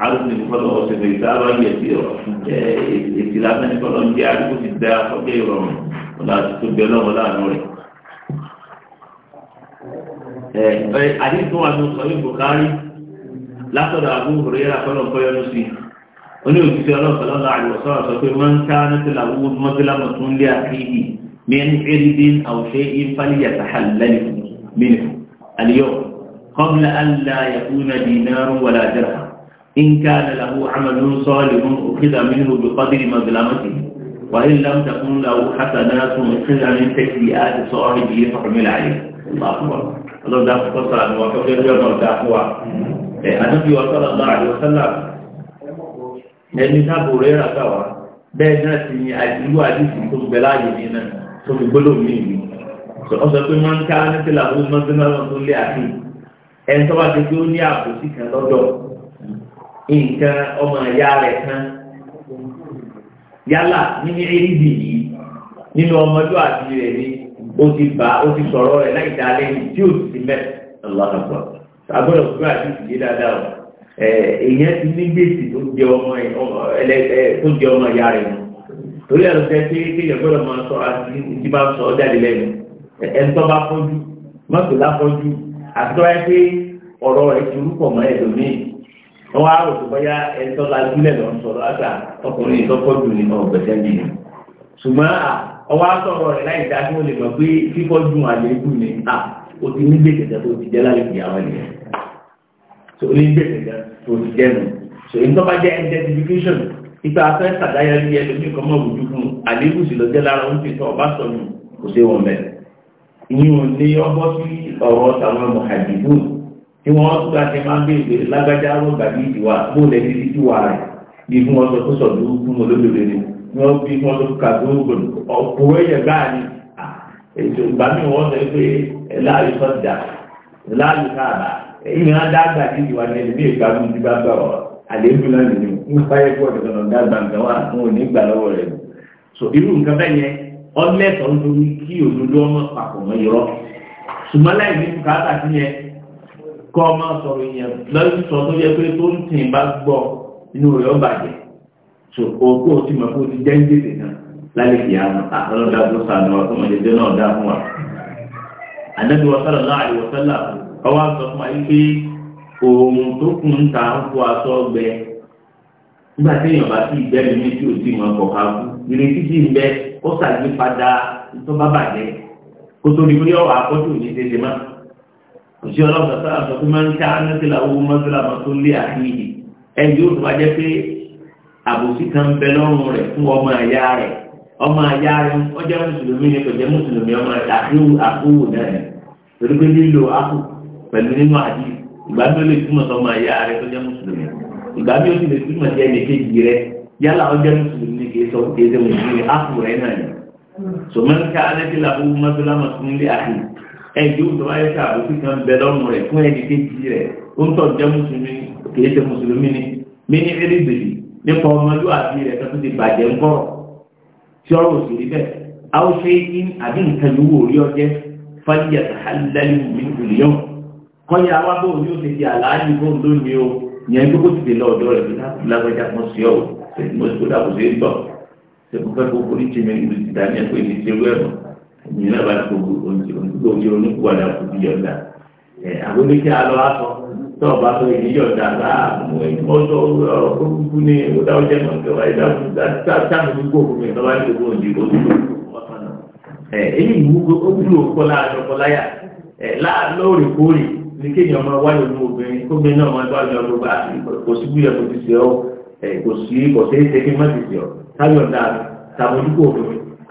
arúgbìn kọlọ ọsẹ lè sá lọ yẹ sí ọ ẹ èsì lásán ní kọlọ ń jẹ arúgbó ti da ọjọ ìrọrùn ọlá tó bẹ lọ́wọ́ láàánú rẹ. ẹ ẹ àdínkù wa ló sọ ní Bukhari látọ̀dọ̀ kọlọ kọyọ ló sí oní òṣìṣẹ́ ọlọ́pàá lọ́la àdìwọ̀sọ́ sọ pé wọ́n ń ká nítorí àwọn mọ́gílámọ̀ tó lé àkéyìí mẹ́rin erédín àwòṣe ìfàlìyà tàhálẹ́lì mìíràn àlìyọ́ kọ́mílà àlìlá yàkúnà dìnnà wàlá dirham إن كان له عمل صالح أخذ منه بقدر مظلمته وإن لم تكن له حسنات أخذ من تكليئات صاحبه فحمل عليه الله أكبر الله دعا فصل عن وقف يجب أن تأخوى النبي صلى الله عليه وسلم لأنه تابع ريرا سوا بين الله من أجلوا أجلوا أجلوا أجلوا أجلوا أجلوا أجلوا أجلوا أجلوا أجلوا أجلوا أجلوا أجلوا أجلوا أجلوا أجلوا الله أجلوا أجلوا أجلوا أجلوا أجلوا أجلوا أجلوا أجلوا أجلوا أجلوا أجلوا أجلوا أجلوا أجلوا أجلوا أجلوا أجلوا nǹkan ọmọ ìyá rẹ̀ kan yálà nínú eréjì yìí nínú ọmọdé àti rẹ̀ ni ó ti bá ó ti sọ̀rọ̀ rẹ̀ láì dá lẹ́yìn tí ó ti mẹ́ àti ìdílé dáadáa o èèyàn ti ní gbèsè tó jẹ ọmọ ìyá rẹ̀ mu torí ẹ̀rọ tẹ́ pé gbọ́dọ̀ máa sọ àti máa sọ jáde lẹ́nu bá fọ́jú mọ́tò láfọ́jú àti pé ọ̀rọ̀ rẹ̀ ti mọ́ ẹ̀dọ̀ míì wọ́n á rò tó bọ́yá ẹ̀tọ́ la gílẹ̀ lọ sọ̀rọ̀ àgbà ọkùnrin ìtọ́kọ́jú ní ọ̀gbẹ̀tẹ́ bí i ṣùgbọ́n ọwọ́ sọ̀rọ̀ rẹ̀ láì dá kí wọ́n lè mọ̀ pé fífọ́jú àléébù ni à ó ti ní gbèsèjẹ tó ti jẹ́ láì fi àwọn ènìyàn tó ní gbèsèjẹ tó ti jẹ́ nù so èyí tó bá jẹ́ identification ipa afẹ́ sàdáyà ní ẹlòmíì kan mọ̀ wùdú fún àléébù sì lọ jẹ́ lára oúnjẹ tó ọba sọ nù kò sí wọn bẹ̀ tí wọ́n tún bá ti máa ń béèrè lágbájá ló gbàgbé ìdìwà bó lè ní ìdí wà rẹ̀ bí fún wọn sọ tó sọ dúró fún olódodo ni wọ́n bí fún wọn sọ ká dúró gbòdò ọ̀pọ̀ ẹ̀yẹ gbáà ni ètò ìgbà mi wọ́n sọ pé láàyè sọ́jà láàyè káàbà ìyẹn á dágbà sí ìdìwà ní ẹ̀mí ìgbà mi ti gbà ọ̀ àléébù so irú nǹkan bẹ́ẹ̀ yẹn ọlẹ́sọ̀ọ́ nítorí kí òdodo ọmọ pàpọ̀ mọ́ irọ́ ṣùgbọ́n láì ní kọ́ ọmọ sọ̀rọ̀ yẹn lọ́sí sọ tó yẹ pé tó ń tìǹ bá gbọ́ inú rẹ̀ ó bàjẹ́ so òkú òtí mọ̀ kó ti jẹ́ ń dèdè náà lálẹ́ kìí àmọ́ àtọ́lọ́dá tó sànù ọ̀tọ́mọdé náà dá fún wa. àdẹ́bí wa sọ̀rọ̀ náà àyè wọ́sẹ́là ọwọ́ sọ fún wa yìí pé òun tó kù ń ta ń fọ aṣọ ọgbẹ nígbà tí èèyàn bá sí ìgbẹ́ mi tí ò tí mọ̀ ọkọ̀ ká kú ìrètí sí ń bẹ ó ṣàgbépadà tó bá bàjẹ́ kó tó pé ọ̀rọ̀ òṣì ọlọ́pàá sára sọ pé máa ń ká nẹ́tìlá owó mọ́sílámà tó lé àkíyè ẹni yóò tó bá jẹ́ pé àbòsí kan bẹ lọ́rùn rẹ̀ fún ọmọ àyá rẹ̀ ọmọ àyá rẹ̀ ọjọ́ mùsùlùmí ni kò jẹ́ mùsùlùmí ọmọ àkíwò àkúwò náà rẹ̀ torí pé lílo àkù pẹ̀lú nínú àdí ìgbà mi ò lè túmọ̀ sọmọ àyá rẹ̀ tó jẹ́ mùsùlùmí ìgbà mi ò sì lè túmọ̀ sí ẹnì kejì rẹ̀ yálà ọjọ́ mùsùlùmí mùsùlùmí ni sọmọ́ńkà ẹ̀jú tó wáyé sí àbòsí kan bẹ lọ́rùn rẹ̀ fún ẹni kéjì rẹ̀ ó ń tọ̀ jẹ́ mùsùlùmí kìí ṣe mùsùlùmí ni mí ní ẹ̀rìbìrì nípa ọmọlúwàbí rẹ̀ tó ti bàjẹ́ ń kọ̀rọ̀ tí ọ̀rọ̀ sì rí bẹ́ẹ̀ a ó ṣe ní àbí nǹkan yòówó orí ọjẹ́ fàyíyà sàhálẹ́lì mìíràn kọ́yà wá bóun yóò ṣe di àlàájì bóun lónìí o yẹn tó kó ti dé lọ́ọ̀dọ́ rẹ̀ bí lágbájá kan sí ọ̀ mo ti kó dàbò sí ń bọ̀ ṣe mo fẹ́ kó orí ti mi ìlú ti dání ẹ̀ pé lórí oníkùwàdà kò bí yọ̀ǹda àbóníkí alọ́ àtọ́ tó ọba tó ìdí yọ̀ǹda láà mú ọjọ́ ọ̀rọ̀ tó kúkú ní ìwúdà ọjọ́ náà kí wáyé dáàbò gbogbo òkùnrin tó wáyé gbogbo òdì tó dúró ọ̀sán náà. èyí ìwú ó dúró kọ́lá aṣọ kọ́lá yà lóòrèkóòrè ní kéèyàn máa wáyé ọdún obìnrin kó mi náà máa wáyé ọdún bá kò sí búyẹ kò ti ṣe ọ kò sí kò sí ṣe kí má ti ṣe ọ táyọ̀ dáa tàbójúkò òfin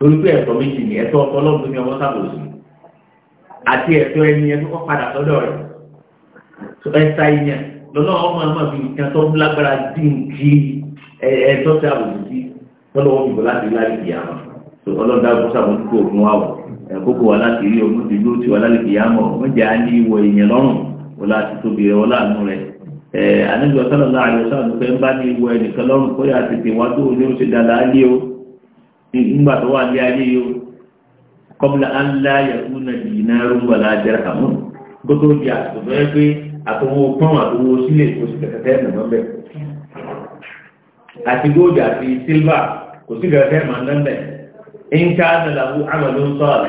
torí pé ẹ̀tọ́ méjì ni ẹ̀tọ́ ọkọ ọlọ́run ní ọmọ sábòsí àti ẹ̀tọ́ ẹni ẹni kọ́ padà lọ́dọ̀ rẹ̀ tó ẹ̀ta ìyà lọ́nà ọmọ ọmọ bíi nǹkan tó lágbára dín kí ẹ̀tọ́ sábòsí sí lọ́lọ́wọ́ bìbọ̀ láti láì kì á tó ọlọ́dà ọkọ sábòsí kò fún wa wọ̀ ẹ̀kókò wa láti rí ọmọ ti ló ti wà láì kì á mọ̀ oúnjẹ á ní ìwọ ìyẹn lọ́rùn ọlá àti tóbi rẹ̀ ọlá àánú rẹ̀ ẹ̀ anájọ́ sálọ̀ láàrin ọ̀sán ló fẹ́ ń bá ní ìwọ ẹnìkan lọ́rùn kó yà tètè wá o ní o ṣe dáadáa lé nígbà tó wà ní ayé yóò kọ́bùlà ńlá yẹ̀kú na ìyìnà rúgbà lájẹ́rẹ́ àmú gbogbo di àtúntò fẹ́ pé àtúnwò pọ́n àtúnwò sílẹ̀ kò sí kẹ̀kẹ́ nàmọ́ bẹ̀ àti góòdì àti sílvà kò sí kẹ̀kẹ́ màá ń bẹ̀ nka nàlàbù amadu sọ̀rọ̀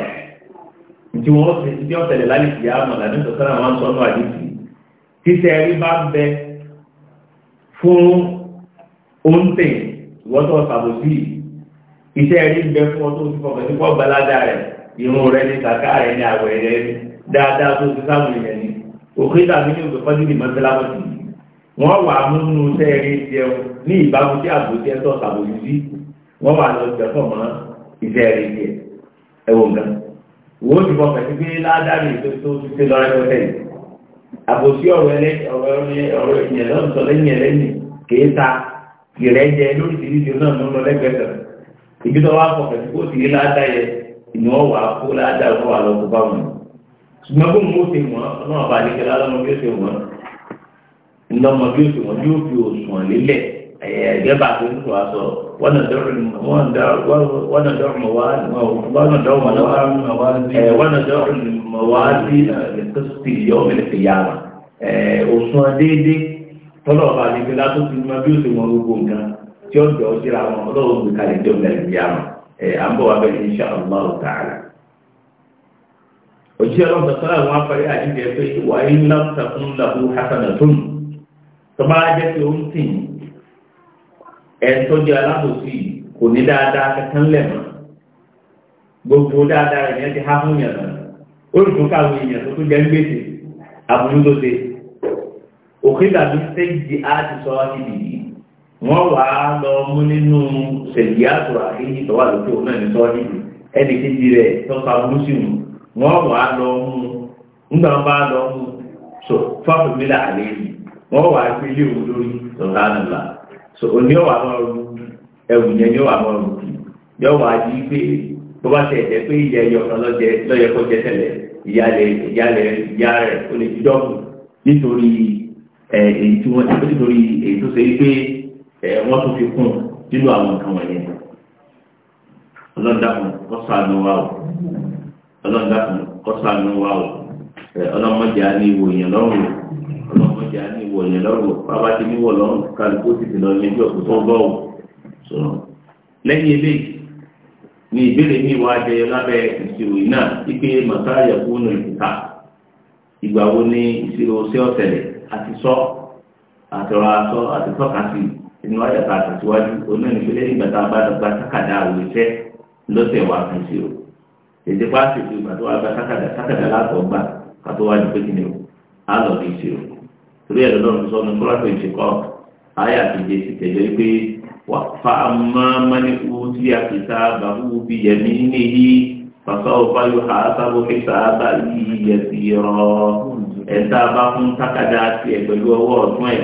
nti wọ́n ti ti ọ̀tẹ̀lẹ̀ lálẹ́ ìyá àmàlà ní sọ̀tẹ́lẹ̀ àwọn sọ̀nù àdìsí títẹ̀ rí bá iṣẹ́ rí bẹ fún ọ tó ti fọkàn sí fọ́ gbalada rẹ̀ irun rẹ̀ ní kàkà rẹ̀ ní àwẹ̀ rẹ̀ ní dáadáa tó ti sáwọn èèyàn ní òkè tàbí ní òkè fọ́jú ìmọ̀ sílámọ̀tì wọ́n wà múnú iṣẹ́ rí jẹun ní ìbámu tí àbòjẹ tó sàbòjì sí wọ́n wà lọ jẹ fọ́ mọ́ iṣẹ́ rí jẹ ẹwọ nǹkan wo ti fọkàn sí pé ládàrí tó ti ṣe lọ́rẹ́ pẹ́tẹ́ yìí àbòsí ibi tó wá pọ̀ pẹ̀lú kó sì rí ládá yẹ ìnú ọ̀wà kó ládá ọ̀wà lọ kó bá wọn ṣùgbọ́n bó mú ṣe wọ́n náà bá ní kẹlá lọ́mọ bí ó ṣe wọ́n ńlọmọ bí ó ṣe wọ́n yóò fi òṣùwọ̀n lélẹ̀ ẹ̀ẹ́dẹ́gbà tó ń sọ àṣọ wọ́n náà dọ́rùn mọ̀wá sí ẹ̀ẹ́dẹ́gbà yọ̀ọ́mẹ̀lẹ̀ tẹ̀yà wọn tí ó ń jọ síra wọn ọlọ́run gbé kalẹ̀ tí ó ń lẹ̀ ní àmọ́ ẹ̀ à ń bọ̀ wá bẹ́ẹ̀ insha Allah ta'ala. òjì ọlọ́run sọ̀tọ́lá wọn afárí àdídẹ pé wà á ń lọ́ọ̀tà fún làbú hasanatun tó bá jẹ́ pé ó ń tì ẹ̀ tó jẹ́ alábòsí kò ní dáadáa kankan lẹ́mọ̀ gbogbo dáadáa rẹ̀ yẹn ti há fún yàrá olùkọ́ káwọn èèyàn tó tó jẹ́ ń gbèsè àbúrú tó òkè tàbí wọ́n wà á lọ mú nínú sẹ̀díyàtò àkéjì tó wà lókè ní kejì rẹ̀ tó pa wà á lọ mú nígbà wọn bá lọ mú so fáwọn àlẹ́ yìí wà á gbélé òun lórí sọ̀rọ̀ so òní ọ̀wà ẹ̀wù yẹn yóò wà pé bó bá pé ìyá wọ́n tún fi kún nínú àwọn nǹkan wọ̀nyẹn ọlọ́dàkùn kọ́sàánú wa o ọlọ́dàkùn ọlọ́mọdé á ní ìwò yẹn lọ́rùn ọlọ́mọdé á ní ìwò yẹn lọ́rùn bàbá ti lọ́rùn kálukú ti sọ̀rọ̀ lẹ́yìn ni ìbéèrè lábẹ́ ìṣirò ipe màtáyà ìgbà wo ni ìṣirò ṣé àti sọ àtọ̀rọ̀ àtọ̀ àti tọ́ka sí i. inú ọjà kan àtẹ̀síwájú onímọ̀ ìpínlẹ̀ ìgbà tá a bá lọ gba sákàdá àwọn iṣẹ́ lọ́sẹ̀ wa kan sí o èdè pa àṣèjú ìgbà tó wà gba sákàdá sákàdá látọ̀ gbà ká tó wájú pé kìnìún á lọ bí sí o torí ẹ̀rọ lọ́run sọ ní kọ́lá pé ìṣèkọ́ ayé àtijọ́ ti tẹ̀lé pé wà fa amámaníkú tí a fi sá bàbú bí yẹmí níyì fàṣọ báyọ̀ ha sábò fi sá báyìí yẹ sí rọ ẹ̀ tá fún sákàdá tiẹ̀ pẹ̀lú ọwọ́ ọ̀tún ẹ̀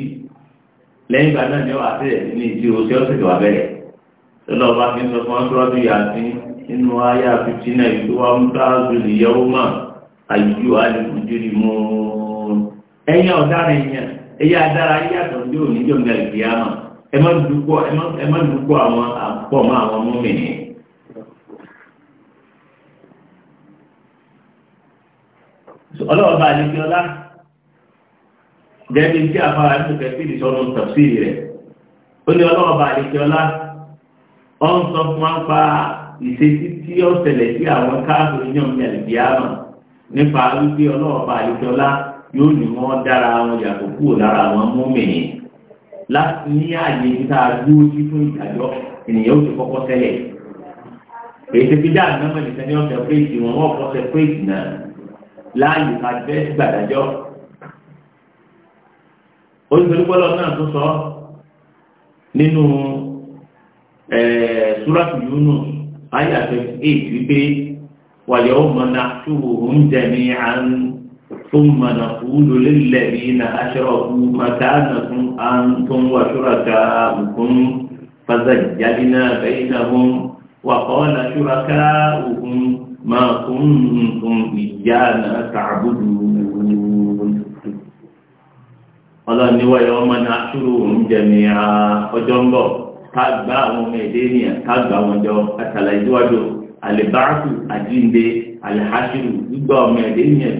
lẹ́yìn ìgbà náà ni ní ìdí oṣù ọ̀sẹ̀ tó bẹ̀rẹ̀ tọ́lọ́ bá fi ń sọ fún nínú ayé àfitì náà ìlú wa ń bá zulu ìyàwó mà àyíjú àdìkújú ni mo ẹ̀yìn ọ̀daràn èèyàn ẹ̀yà adára ayé ẹ má dúkọ́ gẹ́gẹ́ tí àfáà ń tẹ̀fẹ́ sí ìṣọ́nù tàbí rẹ̀ ó ní ọlọ́ọ̀bà àdìkẹ́ọ́lá ọ ń sọ fún wọn pa ìṣesí tí ó ṣẹlẹ̀ sí àwọn káàkiri yàn ní àlìbíàmà nípa wípé ọlọ́ọ̀bà àdìkẹ́ọ́lá yóò ní wọ́n dára wọn yàtọ̀ kúrò lára wọn mú mìíràn láti ní àyè tá a dúró sí fún ìdájọ́ ènìyàn ó ti kọ́kọ́ ṣẹlẹ̀ èsì fi dáa nọ́mọ̀ nìkan ní ọ̀sẹ̀ péjì wọn wọ́n kọ́ sẹ péjì náà láàyè ká bẹ́ẹ̀ gbàdájọ́ onígbèlúgbọ́lọ́ náà tó sọ nínú súrátù Yunus ayé àtẹ̀sí èyí wípé wàyẹ̀ ó mọ̀ náà tó òun jẹ́ ní àárín ثم نقول للذين أشركوا مكانكم أنتم وشركاؤكم فزجلنا بينهم وقال شركاؤكم ما كنتم إيانا تعبدون ọlọ́run n'iwa wọ́yọ̀ ọmọ náà ṣúrù òun jẹ̀mí ọjọ́ ń bọ̀ ká gba àwọn ọmọ èdè ènìyàn ká gba àwọn ọjọ́ àtàlà ìdíwájú àlèbáàkù àjínde àlèhásírù gbígbà ọmọ èdè lójú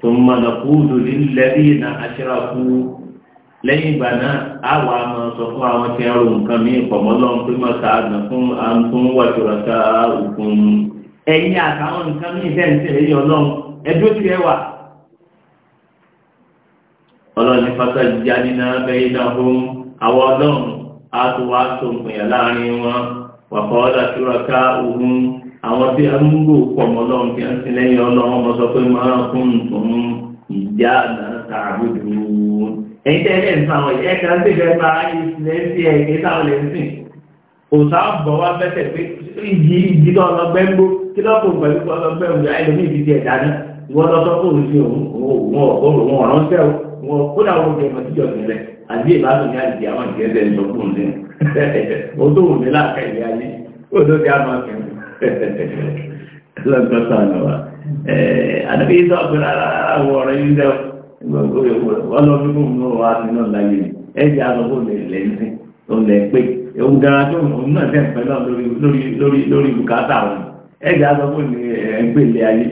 tó ń mọ̀nà kú lórí lẹ́rí na aṣírakú lẹ́yìn ìgbà náà àwa máa sọ fún àwọn tí ń ro nǹkan mí pé fún àǹtún ọlọ́ni fata jánínà bẹ́ẹ̀ náà fún àwọn ọlọ́run á tó wá tó pìyà láàrin wọn wàkọ́ ọ̀dà túraká òun àwọn tí a ń gbò pọ̀ mọ́ ọlọ́run tí a ń sin lẹ́yìn ọlọ́run ọmọ sọ pé máa fún tòun ìjà náà tààbùdù ẹ̀yin tẹ́ ẹ̀ ń sá àwọn ẹ̀ka ń tẹ̀lé bá ilẹ̀ sí ẹ̀kẹ́ táwọn lè ń sìn òsà bọ̀ wá bẹ́sẹ̀ pé ìjì ìjì náà lọ gbẹ́ ń gbó kí lọ́kùn pẹ̀lú ọlọ́gbẹ́ òun ẹlòmíì òun òun ọ̀gbọ́n òun ọ̀rán wọn kó dà wọn jẹun àtijọ́ ìrẹ̀lẹ̀ àti ìbátan ní àdìdì àwọn ìgbésẹ̀ ń lọ́kùn ní o tó wù mí láàkà ìlé ayé o tó ti àmà kẹ́ lọ́kọ́ sànù wa àdàbí yìí sọ̀rọ̀ pẹ̀lú àwọn ọ̀rọ̀ yìí dẹ́ wọ́n lọ fún mi wá sí náà láyé mi ẹ jẹ́ àlọ́kọ́ lè lẹ́sìn tó lẹ́ pé òun dára tó òun náà tẹ̀ pẹ̀lú lórí bùkátà wọn ẹ jẹ́ àlọ́kọ́ lè ẹgbẹ̀lẹ̀ ayé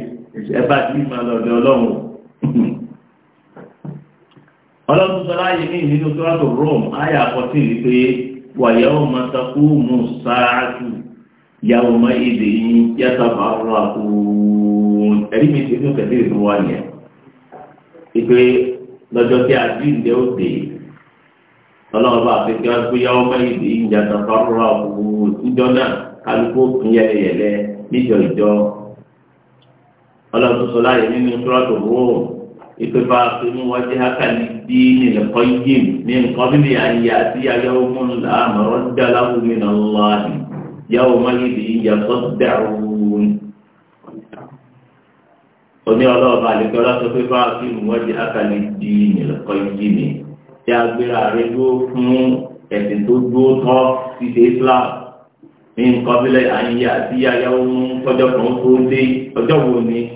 ẹ bá ti máa lọ́dọ̀ ọlọ́run ọlọ́run sọ láàyè ní nínú tíwájú Rome àyà àkọsí wípé wàyà ọmọ takú mú sáájú yàwó má èdè yín yàtàbà ọ̀rọ̀ àkóòrùn ẹ̀rí mi ti tún kẹ̀lé ìlú wa yẹn ìpè lọ́jọ́ tí a dín ní òde ọlọ́run bá fi kí wọ́n gbé yàwó má èdè yín yàtàbà ọ̀rọ̀ àkóòrùn níjọ́ náà kálukó kún yẹlẹyẹlẹ níjọ ìjọ ọlọ́run sọ láàyè nínú tíwájú Rome ìpèpà àfẹnú wájú hákàlì bí nílẹ̀kọ́ yìí ní nǹkan bíbí àyè àti ayáwó fún làmọ́rọ́ dáláwó mi nà lọ́ọ̀hì yàwó máyìlì ìyàtọ̀ dàrún. oní ọlọ́ọ̀bà àlejò ọlọ́sọ pé bá àfẹnú wájú hákàlì bí nílẹ̀kọ́ yìí ní. tí a gbéra rẹ dúró fún ẹ̀sìn tó dúró tọ́ sí ṣe Islam ní nǹkan bílẹ̀ àyè àti ayáwó fún ọjọ́ kan tó dé ọjọ́ wo ni.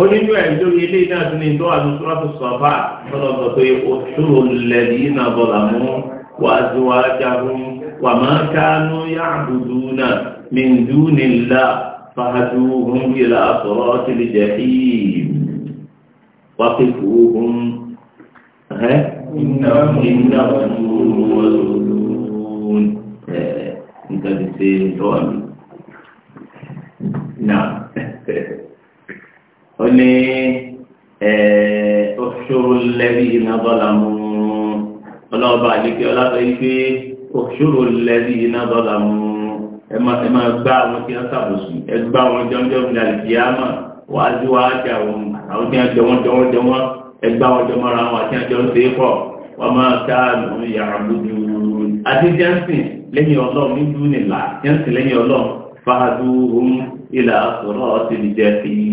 onínú ẹ̀ lórí eléyìí náà tún ní ìdó àdúgbò sọ̀fà tọ́lọ̀tọ̀ pé òṣùrò lẹ́dí iná bọ̀là mú wà zuwa jagun wà máa kánú yá àbùdú náà mìndú nílá fàájú húngìlá sọ̀rọ̀ tìlì jẹ́ ìyìm wà pé kú hún iná iná òṣùrò ẹ̀ nǹkan ti ṣe ó ní ọ̀ṣọ́rò lẹ́bí iná bọ́lá mú ọlọ́ọ̀bá àdékẹ́ ọlọ́bà yìí pé ọ̀ṣọ́rò lẹ́bí iná bọ́lá mú ẹ máa gbá àwọn tí wọ́n sàbòsì ẹ gbá àwọn jọmọjọ ní àlìjíyàmà wàá sí wàá jà wọn àwọn tí wọ́n jọwọ́n jọwọ́n jọwọ́n ẹ gbá àwọn jọmọ ara wọn àti àjọ ń ṣe é pọ̀ wọ́n máa ká àwọn yàrá lójú àti jẹ́ǹsìn lẹ́yìn ọlọ́run ní dúnìlà jẹ́ǹsìn lẹ́yìn ọlọ́run fàádùn ilà sọ̀rọ̀ ọ̀sẹ̀ ìjẹ́ fìyí.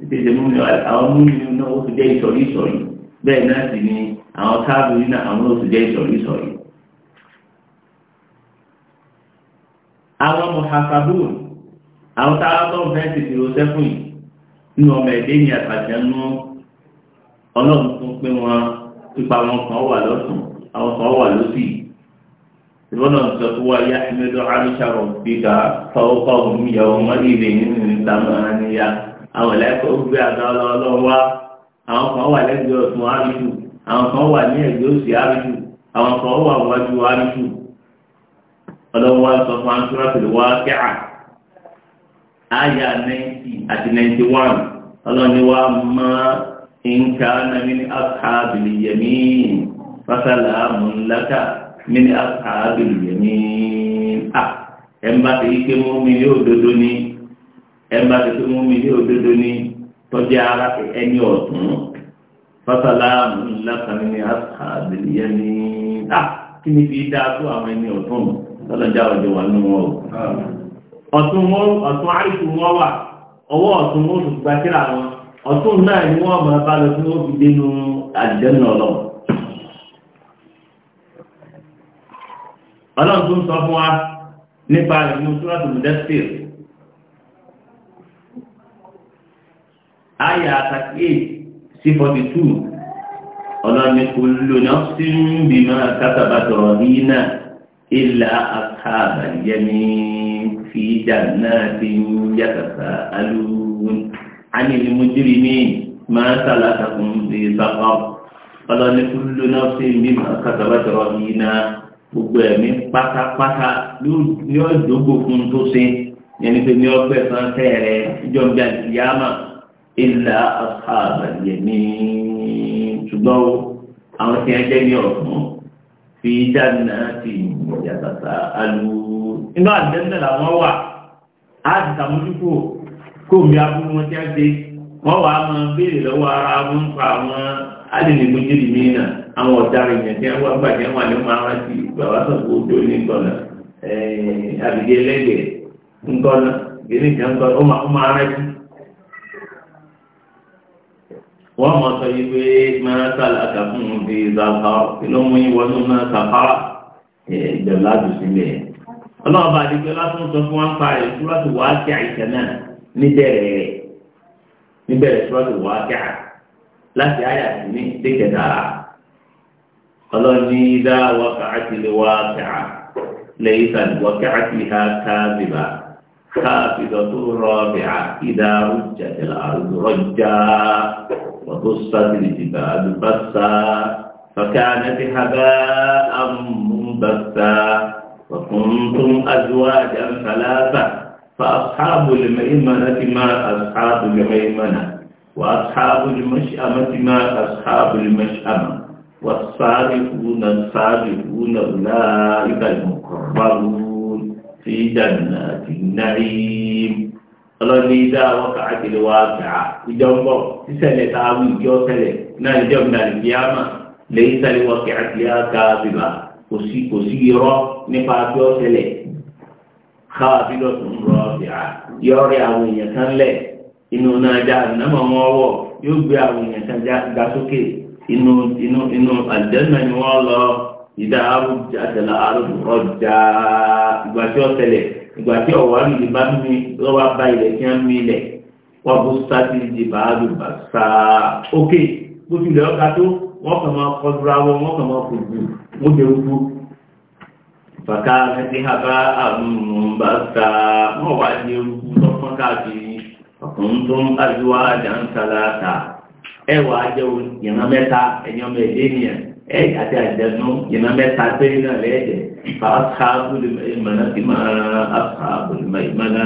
títẹ̀jẹ̀ mú mi àwọn mú mi náà ó ti jẹ́ ìsọ̀rí ìsọ̀rí bẹ́ẹ̀ náà sì ni àwọn káàbùrì náà àwọn ó ti jẹ́ ìsọ̀rí ìsọ̀rí. àwọn mọ̀háfàbùn àwọn táwọn tó ń fẹ́ ti fi rosẹ́ fún yìí nínú ọmọ ẹ̀dẹ́ ní àtàjẹ́ nú ọlọ́run tó pé wọn pípa wọn kan wà lọ́sùn àwọn kan wà lọ́sì ìbọnà sọ fún wa yá ẹ̀mẹ́dọ́ àríṣà rọ̀ àwọn ẹlẹ́kọ̀ọ́ gbé àga ọlọ́ọ̀lọ́ wá àwọn kan wà lẹ́gbẹ̀ẹ́ ọ̀tún áríṣù àwọn kan wà ní ẹ̀gbẹ́ òsì áríṣù àwọn kan wà wájú áríṣù ọlọ́wọ́ wa sọ fún antúrọ́pìlì wá 90 àti 91 ọlọ́ni wa mọ nǹkan nàmi ní akábìlì yẹmí fásálà ní yẹmí à ẹ̀ ń bá ti ike mú mi ni. ẹnba tètè mú mi ní òdodo ní tọ́jú ara ẹni ọ̀tún fásálàmù lákàmì ní àbẹ̀lẹ́yẹ ní à kí ni fi dáa tó àwọn ẹni ọ̀tún lọ́lọ́jà ọjọ́ wà nínú wọn o ọ̀tún wọn ọ̀tún àìsù wọn wà ọwọ́ ọ̀tún wọn oṣù gbàkíra wọn ọ̀tún náà ni wọ́n máa bá lọ sí wọn fi dénú àdìdẹ́nu ọlọ́wọ́. ọlọ́run tó ń sọ fún wa nípa ìmú túrọ́tù mùdẹ́sítìrì àyà àtàkì sí forty two ọlọ́ni kullu nafsin bima kasabat rahina illa ashabal yamin fi jannatin yatasaalun anil mujrimin ma salakakum fi saqar ọlọ́ni kullu nafsin bima kasabat rahina gbogbo ẹ̀mí pátápátá yóò dógò fún tó ṣe yẹn ni pé ní ọgbẹ́ sàn tẹ́ rẹ̀ ìjọba ìyá máa ilà àbàlẹ̀ ní ṣùgbọ́n àwọn tí wọ́n jẹ́ ní ọ̀fun fi dáná ti yàtàtà alu. inú àdéhùn làwọn wà á ti sàmójúkò kó mi abúlé wọn tí wọ́n ṣe wọ́n wà á máa béèrè lọ́wọ́ ara wọn pa àwọn alìlẹ́gbẹ́jìlì mìíràn àwọn ọ̀daràn yẹn tí wọ́n gbàjẹ́ wọn lè máa rántí bàbá sọ̀tò ojú ní gbọ̀nà àbìgẹ́ lẹ́gbẹ̀ẹ́ ńkọ́nà gẹ́gẹ́ kan ó máa rántí wọ́n mọ̀ sọ yìí pé mẹ́rẹ́ta làkà fún un fi zàkà ló mú yín wọnú náà sàkárà ìbẹ̀rù láti sílẹ̀. ọlọ́run bá dìgbẹ́ látún sọ fún wọn pa rẹ̀ túrọ́sì wàá kí àìsàn náà níbẹ̀rẹ̀ rẹ̀ níbẹ̀rẹ̀ túrọ́sì wàá kí à láti àyà sí ní dékẹ̀dá. ọlọ́run ní dá wákà àti lè wá kà lẹ́yìn tàbí wákà àti ha ká bìbà ká bìbà tó bìà ìdá وقصت الجبال بسا فكانت هباء منبثا وكنتم أزواجا ثلاثة فأصحاب الميمنة ما أصحاب الميمنة وأصحاب المشأمة ما أصحاب المشأمة والصادقون الصادقون أولئك المقربون في جنات النعيم ọlọ́ni dá wọ́kà àtìlẹ́ wa gbà ìjọ́mbọ̀ sísẹ̀lẹ̀ tá a wí ìjọ́ sẹ̀lẹ̀ náà ìjọ́ mi nàlẹ́ bí a mà lẹ́yìn sẹ́lẹ̀ wọ́kà àtìlẹ́ ká bìbà kò sí kò sí irọ́ nípa bí ó sẹ̀lẹ̀ ká bí lọ́sùn rọ̀ bìà yọrí àwọn èèyàn kan lẹ̀ inú náà já nàmọ̀ wọn wọ̀ yóò gbé àwọn èèyàn kan já sókè inú inú inú àdéhùn ni wọ́n lọ ìdá àrùn àtẹlẹ àrùn rọ̀ já ìgbà ìgbà tí ọ̀wá lùdì bá mi lọ́wọ́ bá ilẹ̀ tí wọ́n mi ilẹ̀ wọ́n bó sátì di bàálù bá sá ókè bójú ilẹ̀ ọ̀gá tó wọ́n kàn máa kọdúrà wọn wọ́n kàn máa kùn jù wọ́n dé ojú bàtà ẹni àbá àmúmbà sá wọ́n wá ní orúkú lọ́kàn káàkiri ọkùnrin tó ń bá ju àjà ń kalata ẹwà ajẹ́ ìran ẹ̀yọ́mẹ́ ẹ̀dẹ́ ẹ̀yìn àti àjẹnú ìná mẹ́ta péré náà lẹ́ẹ̀jẹ̀ fa asáàbùlì mẹ́ná ti máa asáàbùlì mẹ́ná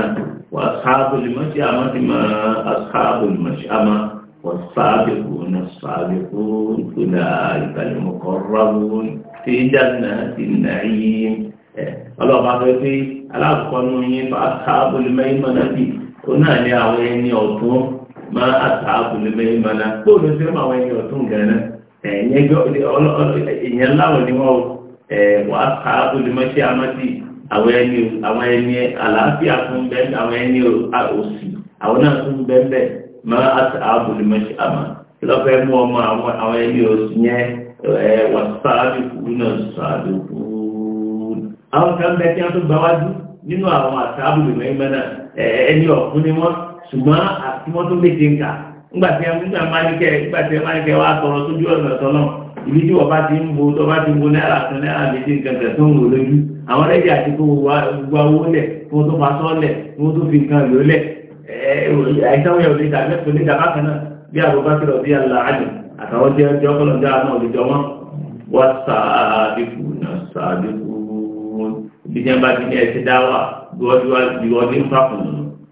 wà asáàbùlì mọ́sí àmọ́ ti máa asáàbùlì mọ́sí àmọ́ wà sáàbìkù na sáàbìkù ìpínlẹ̀ ìbàlẹ̀mọ́kọ́ ráwó tí jáde ti nàáyí ọlọ́ọ̀bá fẹ́ pé alákọ̀ọ́nù yín fa asáàbùlì mẹ́ná ti ó náà ní àwọn ẹni ọ̀tún máa asáàbùlì mẹ́ná kó ló ṣe máa àwọn ẹni ọ̀tún gan náà ìyẹn eh, láwọn ni wọ́n wà ká olùmọ́sí amọ́sí àwọn ẹni àwọn ẹni àlàáfíà fún bẹ́ẹ̀ àwọn ẹni òsì àwọn náà fún bẹ́ẹ̀ máa àti ààbò olùmọ́sí amọ́ lọ́fẹ́ mú ọmọ àwọn ẹni òsì yẹn eh, wà sáájú kúrú náà sáájú kúrú. àwọn kan bẹ́ẹ̀ tí wọ́n tún gbá wájú nínú àwọn àtàbùlù mẹ́gbẹ́ náà eh, ni wọ́n ṣùgbọ́n àti wọ́n tún méje ń kà ńgbàtí ẹmú ìgbà máníkẹ́ ìgbàtí máníkẹ́ wá tọrọ sójú ọ̀nà tọ́lọ́ ìbí tí wọ́n bá ti ń bo tọ́ bá ti ń bo náírà kan náírà méjì nǹkan kan tó ń wò lójú àwọn ẹ̀jẹ̀ àti kó gbogbo owó lẹ̀ kó tó fa sọ́ lẹ̀ kó tó fi nǹkan lò lẹ̀ àìsàn yẹn ò lè dàbẹ́ kò lè dàbá kan náà bí Abubakar bí aláàjọ àtàwọn jẹ́ ọjọ́ ọkọlọ́ dáa náà lè jọ wọn wá sàádìkù náà sàádìkù bí jẹ́ bá ti ní ẹ̀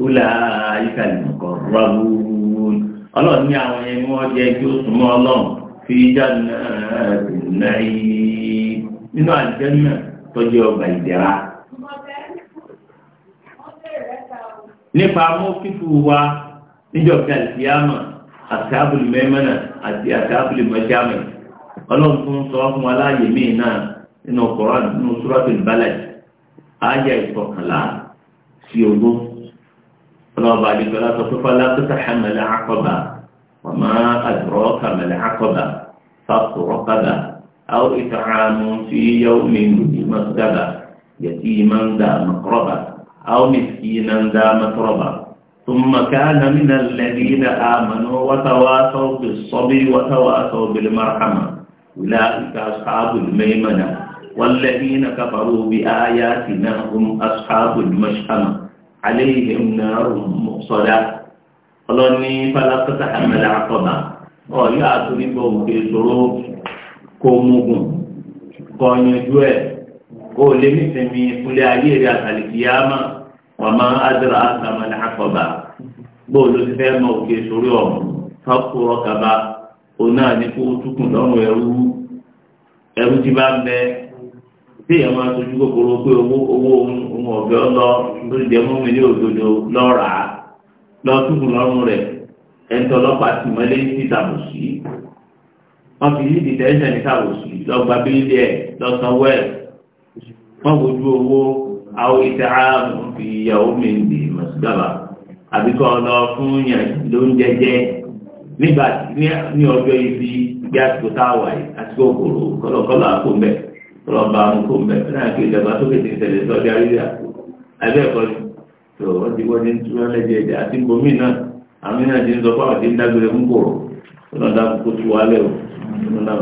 ulaika al-muqarrabun ọlọ́run ní àwọn ẹni wọ́n jẹ́ kí ó súnmọ́ ọlọ́run fi jannatin na'im nínú àjẹ́nà tọ́jú ọgbà ìdẹ̀ra. nípa mọ́kífù wa níjọba àlùfíàmà àti àbùlù mẹ́mẹ́nà àti àti àbùlù mọ́ṣámẹ́ ọlọ́run tó ń sọ fún wa láàyè míì náà nínú Kùránì nínú Suratul Balad àyà ìkọkànlá sí ogún. رابع لثلاثة فلا تتحمل عقبا وما أدراك ما العقبة فط رقبا أو إطعام في يوم ذي يتيما ذا مقربة أو مسكينا ذا مقربة ثم كان من الذين آمنوا وتواصوا بالصبي وتواصوا بالمرحمة أولئك أصحاب الميمنة والذين كفروا بآياتنا هم أصحاب المشحمة aléhìm náà sọdá ọlọ́ni falakọ́tà àmàlẹ́ àkọ́bà ọ̀ yóò àtúrí bọ̀ òkè ìṣòro kó mugun kọ́ le ẹ̀ kó lè mísìnmi fúlẹ̀ ayé rẹ̀ àtàlìkìyàmà wọ́n máa ádùrà àmàlẹ́ àkọ́bà bóòlù ti fẹ́ mọ òkè ìṣòro ọ̀hún fákúrọ̀ kaba ọ̀nà àdínkù tukùn lọ́rùn ẹrú ẹrú ti bá ń bẹ bí ẹ̀ máa tójú kòkòrò pé owó owó òun ọ̀bẹ ọlọ tó jẹ mọ́mi ní òdodo lọ́ra lọ́tùkù lọ́rùn rẹ̀ ẹ̀ńtọ́ ọlọ́pàá ti mọ́lé ní ìtàbùsí wọ́n fi yídi tẹ́sán ní ìtàbùsí lọ́gba bílíọ̀nù ẹ̀ lọ́sànwó ẹ̀ wọ́n wojú owó àwọn ìta ààrùn fi ìyàwó mi ní mọ̀sídàbà àbíkọ́ ọlọ fún yàn ló ń jẹjẹ nígbà ní ọjọ́ ibi bí àsìkò táwà àsìkò òkòrò kọ́lọ̀kọ́lọ̀ àpò mẹ́rin. ọlọ́ba amúkó mbẹ náà kí ìjọba tó kéde ìtẹ̀lé sọ́ọ́dí àríyá abẹ́ ẹ̀kọ́ ni tó wọ́n ti wọ́n ti ń túmọ̀ lẹ́jẹ̀ ẹ̀jẹ̀ àti bomi náà àmì náà ti ń sọ fáwọn ti ń dágbére ń bò kó tu wálẹ̀ o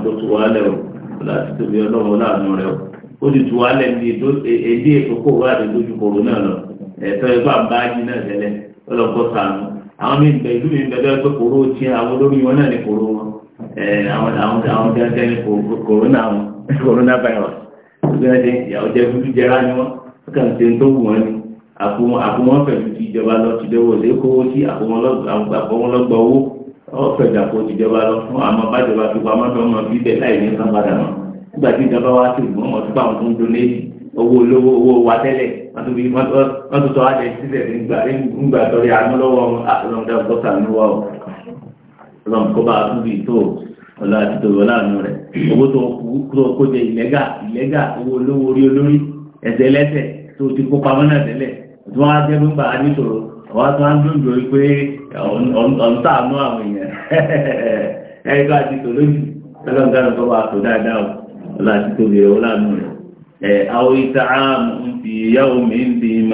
kó tu wálẹ̀ o tóbi láàánú rẹ o ó ti tu wálẹ̀ ní ìkókó wà ní náà lọ ẹ̀tọ́ ẹ̀fọ́ coronavirus bí wọ́n ṣe ìyàwó jẹ́ dúdú jẹrá ni wọ́n kàn ṣe ń tó wù wọ́n ni àfọwọ́n pẹ̀lú ti ìjọba lọ ti dẹ́wọ̀ lé kówó sí àfọwọ́n lọ́gbà owó ọ̀fẹ̀dà kó ti ìjọba lọ fún àmọ́ bájọba fi pamọ́ tó ọmọ bí bẹ́ẹ̀ láì ní san padà mọ́ nígbà tí ìjọba wa sì gbọ́n wọn tó bá wọn tó ń donéètì owó olówó owó wa tẹ́lẹ̀ wọ́n tó tọ́ adé sílẹ̀ nígbà tọ́rí àánú lọ́wọ́ ah, ọlọ́mọdé ọgọ́ta ní wa ọ̀ ọlọ́mọkọ́ba àtúbì tó ọ̀la àti tòrò láàánú rẹ̀ owó tó kó jẹ ìlẹ́gà ìlẹ́gà owó olówó orí olórí ẹ̀sẹ̀ ẹlẹ́sẹ̀ tó ti kó pamọ́ tẹ́lẹ̀ tó wá jẹ́ gbígbà níṣòro ọwá tó wá ń dúndùn orí pé ọ̀ntàánú àwọn èèyàn tó wà tó dáadáa ti ẹ̀wọ́ rẹ̀ àwọn ìta ń fi mi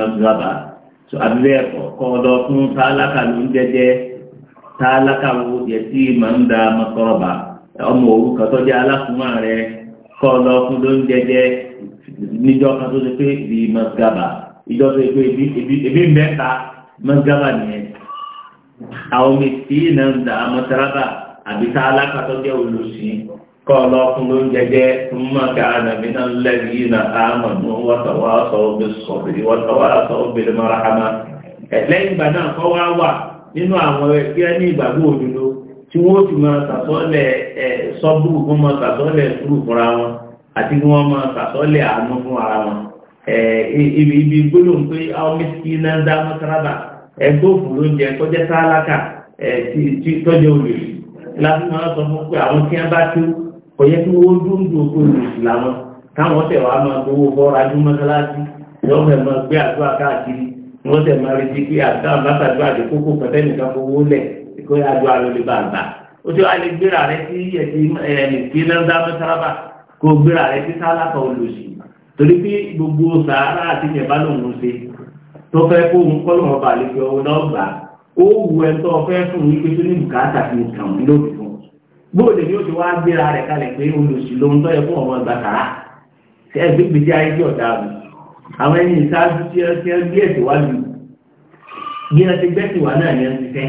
ń fi kọ́ ọmọ òrukàn tó jẹ́ alákùnmá rẹ kọ́ ọ lọ fún lóúnjẹ jẹ níjọ́ kan tó ṣe pé ibi mọ̀gàbà ìjọ tó ṣe pé ibi mẹ́ta mọ̀gàbà nìyẹn àwọn mẹsì náà ń dà mọ́tàràbà àbí tá alákàtọ́ jẹ́ olùsìn lọ fún lóúnjẹ jẹ fún mọ̀gà ànàbí náà lẹ́yìn yìí náà àmọ̀nù wọ́tọ̀wọ́sọ̀ òbí sọ̀bìrì wọ́tọ̀wọ́sọ̀ òbí lẹ́yìn ìgbà náà kọ́ wá wà nínú àwọn ẹgbẹ́ ní ìgbàgbọ́ òdodo tí wọ́n fi máa sàtọ́lẹ̀ ẹ̀ sọ́búrù fún máa sàtọ́lẹ̀ sùúrù fúnra wọn àti kí wọ́n máa sàtọ́lẹ̀ àánú fún ara wọn ibi ibi gbólóhùn pé aomiski náà dá ẹgbẹ́ òfin olùsì láti máa sọ fún pé àwọn tí wọ́n bá tó wọ́n dún dún olùsì làwọn táwọn tẹ̀ wá máa gbowó bọ́ra ní máa gbé pé kó yá ju àlọ́ lè bá gbà ó ti wá lè gbéra rẹ sí ẹ̀sìn ìpínlẹ̀ dáná sárábà kó gbéra rẹ sí sálàkà olùsì gbogbo sàárà àti ṣe tó fẹ́ kó kọ́ náà gbà ó wù ẹ tó fẹ́ fún tó ní bùkátà fi kàn lóbi fún wá gbéra rẹ kalẹ̀ pé olùsì lòun tọ́ yẹ fún ọmọ ìgbà sàrà ẹgbẹ́ gbèsè ayé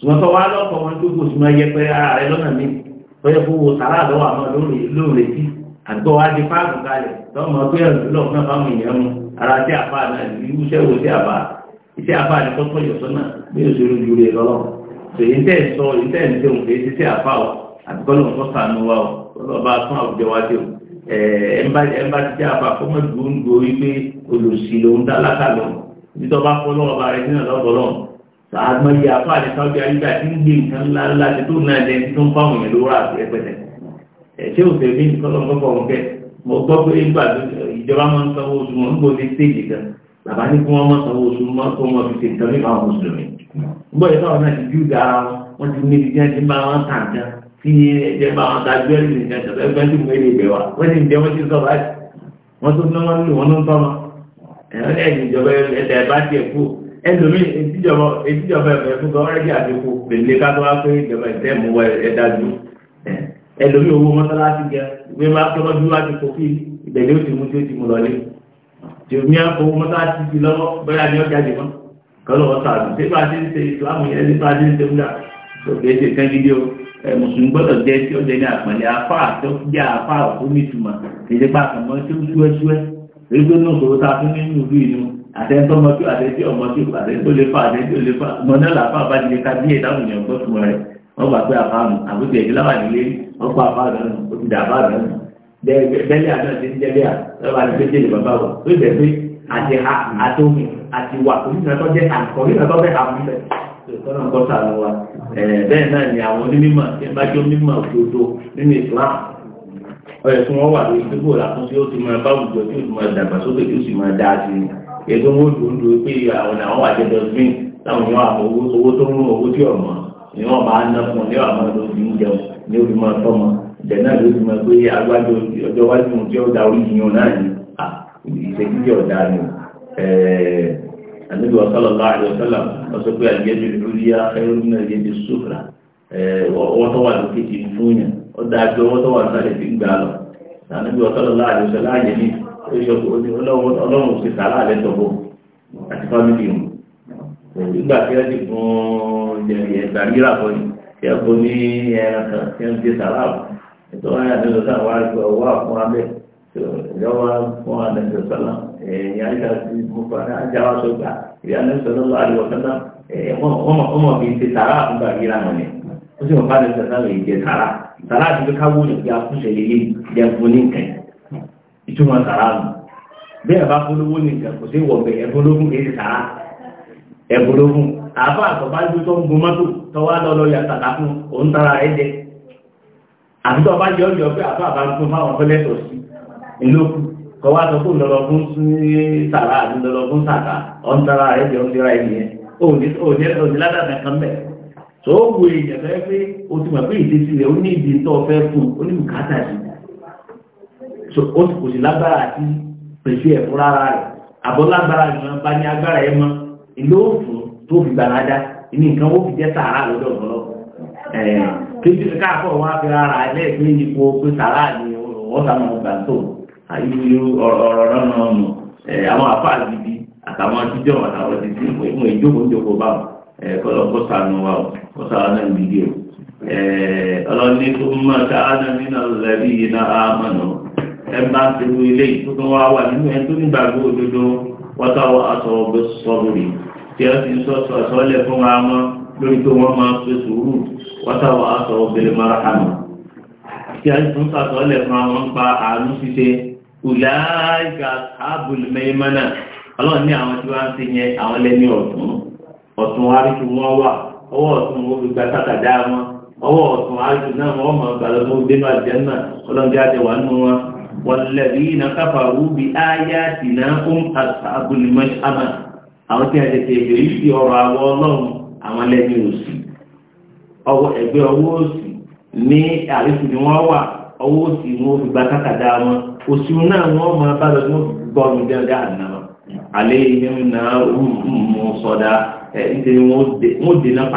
sùmọ́tọ́ wá lọ́pọ̀ wọn tó kò sùmọ́ yẹ pé ara ah, rẹ lọ́nà mi lọ́yẹ kó wo sàrà àdọ́wọ́ àmọ́ lóòrè tí àgbọ̀ wá di fáàmù kalẹ̀ lọ́mọ pé ẹ̀rù lọ́pọ̀ náà fáwọn èèyàn mu ara tí àfa náà irú iṣẹ́ wo tí àfa iṣẹ́ àfa ni kọ́kọ́ yọ̀ sọ́nà bí o ṣe rú ju rẹ̀ lọ́lọ́ èyí tẹ́ ẹ̀ sọ èyí tẹ́ ẹ̀ ń tẹ́ òun kìí ṣiṣẹ́ àfa o o tí o ẹ̀ẹ́mbà ti jẹ́ àfa fọ́mọ́ ìgbóhùn gbòó wípé olùsí lòun àgbọn yìí àpá àti sáwọ́dì àríjà tí ń gbé nǹkan ńlá ńlá ti tó náà lẹ́ni tó ń fáwọn èèyàn lówó àti ẹgbẹ̀tẹ̀ ẹ̀ṣẹ́ òfin mi kọ́lọ́ gbọ́kọ̀ ọ̀hún kẹ́ mo gbọ́ pé nígbà ìjọba máa ń sanwó oṣù wọn nígbà tí stéèjì kan bàbá ní kí wọ́n máa sanwó oṣù mọ́ kó wọn fi ṣe nǹkan ní àwọn mùsùlùmí gbọ́ yìí sáwọn náà ti ju gara wọn ti ní ibi tí wọ́n ti máa wọn tàn kan tí ẹ̀jẹ̀ bá wọn ta gbẹ́rì nìkan ẹlòmí ìdíjọba ẹ̀fẹ̀ fún gan rẹ́gí àdínkù pèlè kátó wá pé ìjọba ìtẹ́ mú wa ẹ̀dájú ẹlòmí owó mọ́sálásí gẹ ìwé máa tọ́ lọ́jú láti kó kí ìbẹ̀lẹ́ ó ti mú tí ó ti mú lọlé tí omi owó mọ́sálásí ti lọ́wọ́ bóyá ní ọjà jùmọ́ kọ́lọ̀ ọ̀sà àdúgbò bá ti ń ṣe ìsìlámù yẹn ní bá ti ń ṣe ń dà tó kìí ṣe kan gidi o mùsùlùmí gbọ́dọ̀ jẹ́ tí ó jẹ́ ní àpẹẹrẹ afá àti ó jẹ́ afá òfin ìtumọ̀ kìí ṣe pàtàkì mọ́ tí ó ṣúẹ́ṣúẹ́ èyí tó ní òṣòro tá a àtẹ́ntọ́ mọ́tò àtẹ́ntí ọmọtò àtẹ́ntó lè fa àtẹ́ntó lè fa mọ́nà làfà bá ti lè ka bí ìdáhùn yẹn gbọ́ tún rẹ̀ wọ́n gbà pé àfààmù àbúté ẹ̀jẹ̀ láwà nílé wọ́n kọ́ àfààmù ó ti dà àfààmù bẹ́ẹ̀lì àná ti ń jẹ́lẹ̀ à lọ́wọ́ àti pété lè bàbá wọ̀ ó jẹ́ pé àti ha àti omi àti wà onínàtọ́ jẹ́ àkọ́ onínàtọ́ bẹ́ẹ̀ àmú bẹ́ẹ̀ tọ́nà kọ́ sàánú wa bẹ́ẹ̀ náà ni àwọn onímọ̀ tí ń bá jẹ́ onímọ̀ òdodo nínú Islam ọ̀yẹ̀ tí wọ́n wà lórí gbogbo làkúnṣe ó ti máa bá òjò tí ó ti máa dàgbàsókè tí ó sì máa dáa sí i ètò wọn dùn dùn pé àwọn àwọn àjẹ dọ̀sìn táwọn yóò àpò owó tó ń rún owó tí ọ̀mọ́ ni wọ́n bá ná fún ní àwọn ọmọdé ń jẹun ní máa náà ló ti pé agbájọ ọjọ́ wájú tí ó da orí yìnyín náà ni ìṣèjú ọ̀dà ni àníbi ọ̀sọ́lọ̀lá àdìọ́sọ́lá ọ̀sọ́ pé àjẹjọ lókè ti fún ọlọ́run ti sàrà alẹ́ tọ́gbọ́ àti fámìlì wọn nígbà tí wọ́n ti fún ẹgbà rírà fún yìí tí wọ́n fún ní ẹran kan tí wọ́n ti sàrà ẹ̀tọ́ wọn yàtọ̀ lọ́sà wà wà fún abẹ́ ìjọba fún àdàjọ sọ́lá ẹ̀yìn àjà ti mú padà àjà wa sọ́gbà ìyàlẹ́ sọ́lá lọ́wọ́ àríwọ̀ sọ́lá ọmọ mi ti sàrà àfúgbà rírà wọn ni ó sì mọ̀ bá àdàjọ sọ́lá lè jẹ sàrà sàrà àti pé káwọ́ òyìnbó ìtumọ̀ sàrà nù bí ẹ̀ bá ní nǹkan kò sí wọ̀bẹ̀ ẹ̀bùlógún kì í ti àbá àtọ̀bájú tó ń gun mọ́tò tọwá lọ́lọ́ ya tàtà fún òun tara ẹ̀jẹ̀ àti tọ́ba jẹ́ ọ̀yọ́ pé àbá àbá ń tún fáwọn fẹ́lẹ́tọ̀ sí ìlókù kọwá sọ fún lọ́lọ́ fún sàrà àti lọ́lọ́ fún sàtà òun tara ẹ̀jẹ̀ òun tira ẹ̀yẹ òun ní ládàtà kan bẹ̀ tó wù èèyàn fẹ́ pé o ti mọ̀ pé ìdí ó sì kò sí lágbára àti pèsè ẹ̀ fún rárá rẹ̀ àbọ̀ lágbára ìran bá ní agbára ẹ̀ mọ́ ilé òfin tó fi gbàládá ní nǹkan ó fi jẹ́ sàárà lọ́dọ̀ ọ̀gọ́lọ́ kéjì fi káàkọ́ wọn fi rárá ilé ìpín pé sàárà ni wọ́n sá gbà tó ọ̀rọ̀ náà nù àwọn àfáà gidi àtàwọn àtijọ́ àtàwọn ti ìmọ̀ ìjókòó ìjókòó ọlọ́ni tó mọ̀ ẹ̀mbá ti ru ilé ìtútù wa wà nínú ẹ̀ tó nígbàgbọ́ òdodo wọ́tá aṣọ ọ̀gbẹ́ sọ́bùrì tí ẹ ti sọ sọ sọ́lẹ̀ fún wa mọ́ lórí pé wọ́n máa ṣe sùúrù wọ́tá aṣọ ọ̀gbẹ́lẹ̀ mara hànà tí ẹ tún sàtọ́lẹ̀ fún wa wọ́n pa àánú ṣíṣe ùlàáìkà ábùlù mẹ́yìmánà ọlọ́run ní àwọn tí wọ́n ti yẹn àwọn lẹ́ni ọ̀tún ọ̀tún aríṣu wọn wà ọwọ́ ọ̀tún wọn fi gba sàkàdá náà wọ́n mọ̀ gbàlọ́ tó dénú àjẹ́ náà ọlọ́run jẹ́ àjẹwà nínú wọn والذين كفروا بآياتنا هم أصحاب المشأمة àwọn tí a ti ṣe èdè yìí ọ̀rọ̀ ọlọ́run àwọn lẹ́ni òsì ọwọ́ ẹgbẹ́ ọwọ́ òsì ní àríkù ni wọ́n wà ọwọ́ òsì wọn fi gba kákàdá wọn òsì náà wọ́n máa bá lọ sí wọn dáadáa àná alẹ́ náà mú ẹ̀ ń tẹ́ dènà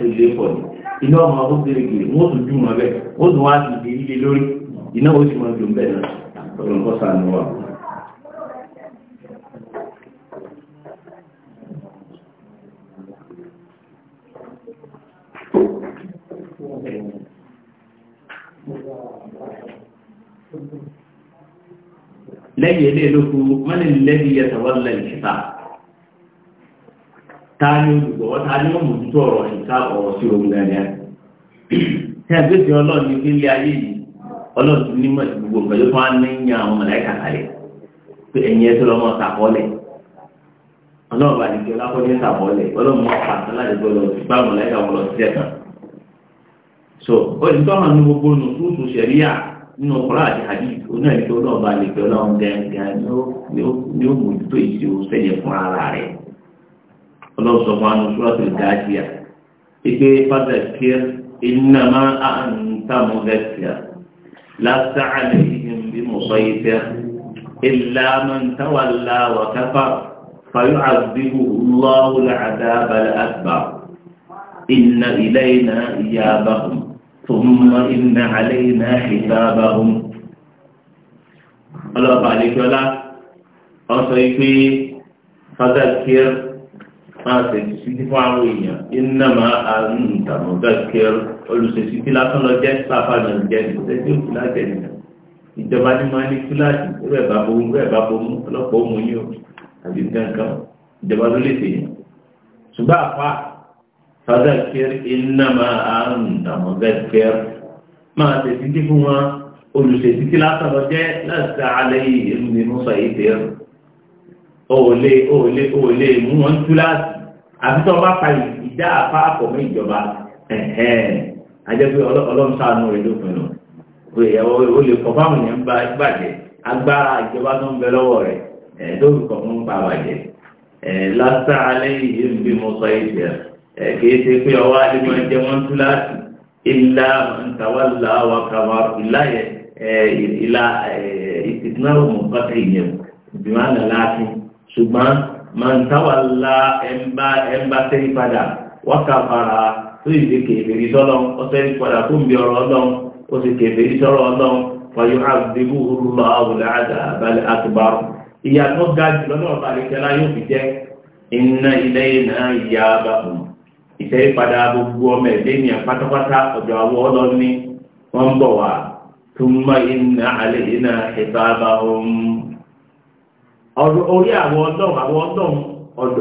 lórí iná ọmọ ọdún tèrè gèrè wọ́n tún jùmọ̀ bẹ́ wọ́n tún wá sí ìdí ilé lórí iná ó sì mọ̀ jù bẹ́ẹ̀ náà ọ̀rọ̀ nǹkan sànù wa. lẹ́yìn ilé lóko mọ́lẹ̀ lẹ́yìn yẹtọ̀ wọ́n lẹ́yìn ṣìta. ta ni olùgbọ̀wọ́ ta ni olùdútó ọ̀rọ̀ ìka ọ̀rọ̀ sí omi dáadáa tẹ́gbẹ́ sí ọlọ́ọ̀ni nílé ayé yìí ọlọ́ọ̀ni nímọ̀ sí gbogbo nǹkan fún wa àwọn mọ̀láìkà kalẹ̀ pé ẹ̀yin lọ́mọ sàkọọ́lẹ̀ ní kí sàkọọ́lẹ̀ pàtó láti so olùtọ́hàn ní ya nù tútù sẹ̀ríyà nínú ọkùnrin àti hadith onáìkí ọlọ́ọ̀bà ọlọ́sọ̀ fún àwọn ṣúrọ́sì dájíà ìgbé fàtàkì ìnáma àǹtàmọ́gẹ́sìà látàlẹ̀ ìhìn bí mọ̀sọ́ ìfẹ́ ìlàmọ̀ntàwàlá wàkáfà fàyọ́ àgbébù lọ́wọ́lá àdábalẹ̀ àgbà ìnà ilẹ̀ iná ìyábàhùn tòmọ́ ìnà alẹ́ iná ìdábàhùn ọlọ́pàá àlejò ọlá ọ̀sọ̀ ìgbé fàtàkì máa ṣètì títí fún àwọn èèyàn iná máa àǹtàmọ̀ gẹ́gẹ́ olùṣèṣì tí lásán lọ jẹ́ sáfàdà jẹ́ ìṣẹ́jú ìfúláṣẹ́ nìyẹn ìjọba ní máa ní fúláṣì rẹ̀ bá bomú rẹ̀ bá bomú ọlọ́pàá ó mú yín o àbí kankan ìjọba ló lè fè yín. ṣùgbọ́n àfa fàdà kẹrì iná máa àǹtàmọ̀ gẹ́gẹ́ máa ṣètì títí fún wọn olùṣèṣì tí lásán lọ jẹ́ láti àbí tó bá pa ìdá apá àpọ̀mọ́ ìjọba ajẹ́pẹ́ ọlọ́run sáànù rẹ̀ lópin nù o lè kọ̀ fáwọn èèyàn bàjẹ́ agbára ìjọba tó ń bẹ lọ́wọ́ rẹ̀ tó fi kọ̀ fún pa bàjẹ́ lásán alẹ́ yìí ń bí mo sọ ìṣẹ́ kì í ṣe pé ọwọ́ adébọ̀ ń jẹ́ wọ́n tú láti ilá ntàwálà wa kàwá ìláyẹ ìlà ìtìtìmọ́ òmùkọ́tà ìyẹn bí wọ́n á ṣùgbọ́n mọ̀ntàwàlá ẹ̀mbá tẹ́rí padà wákàfàrà tó ìdí kèbèrè sọ́lọ́ ọ̀tẹ́rí padà fún bí ọ̀rọ̀ ọlọ́run ó sì kèbèrè sọ́rọ̀ ọlọ́run wàyó àbíbú rúlọ àwòlá àbálẹ̀ àtùbárò ìyá tó ga jù lọ́dọ̀ ọ̀bàlẹ̀kẹ́lá yóò fi jẹ́ iná ilé iná bàbùn orí àwọn ọlọ́run àwọn ọlọ́run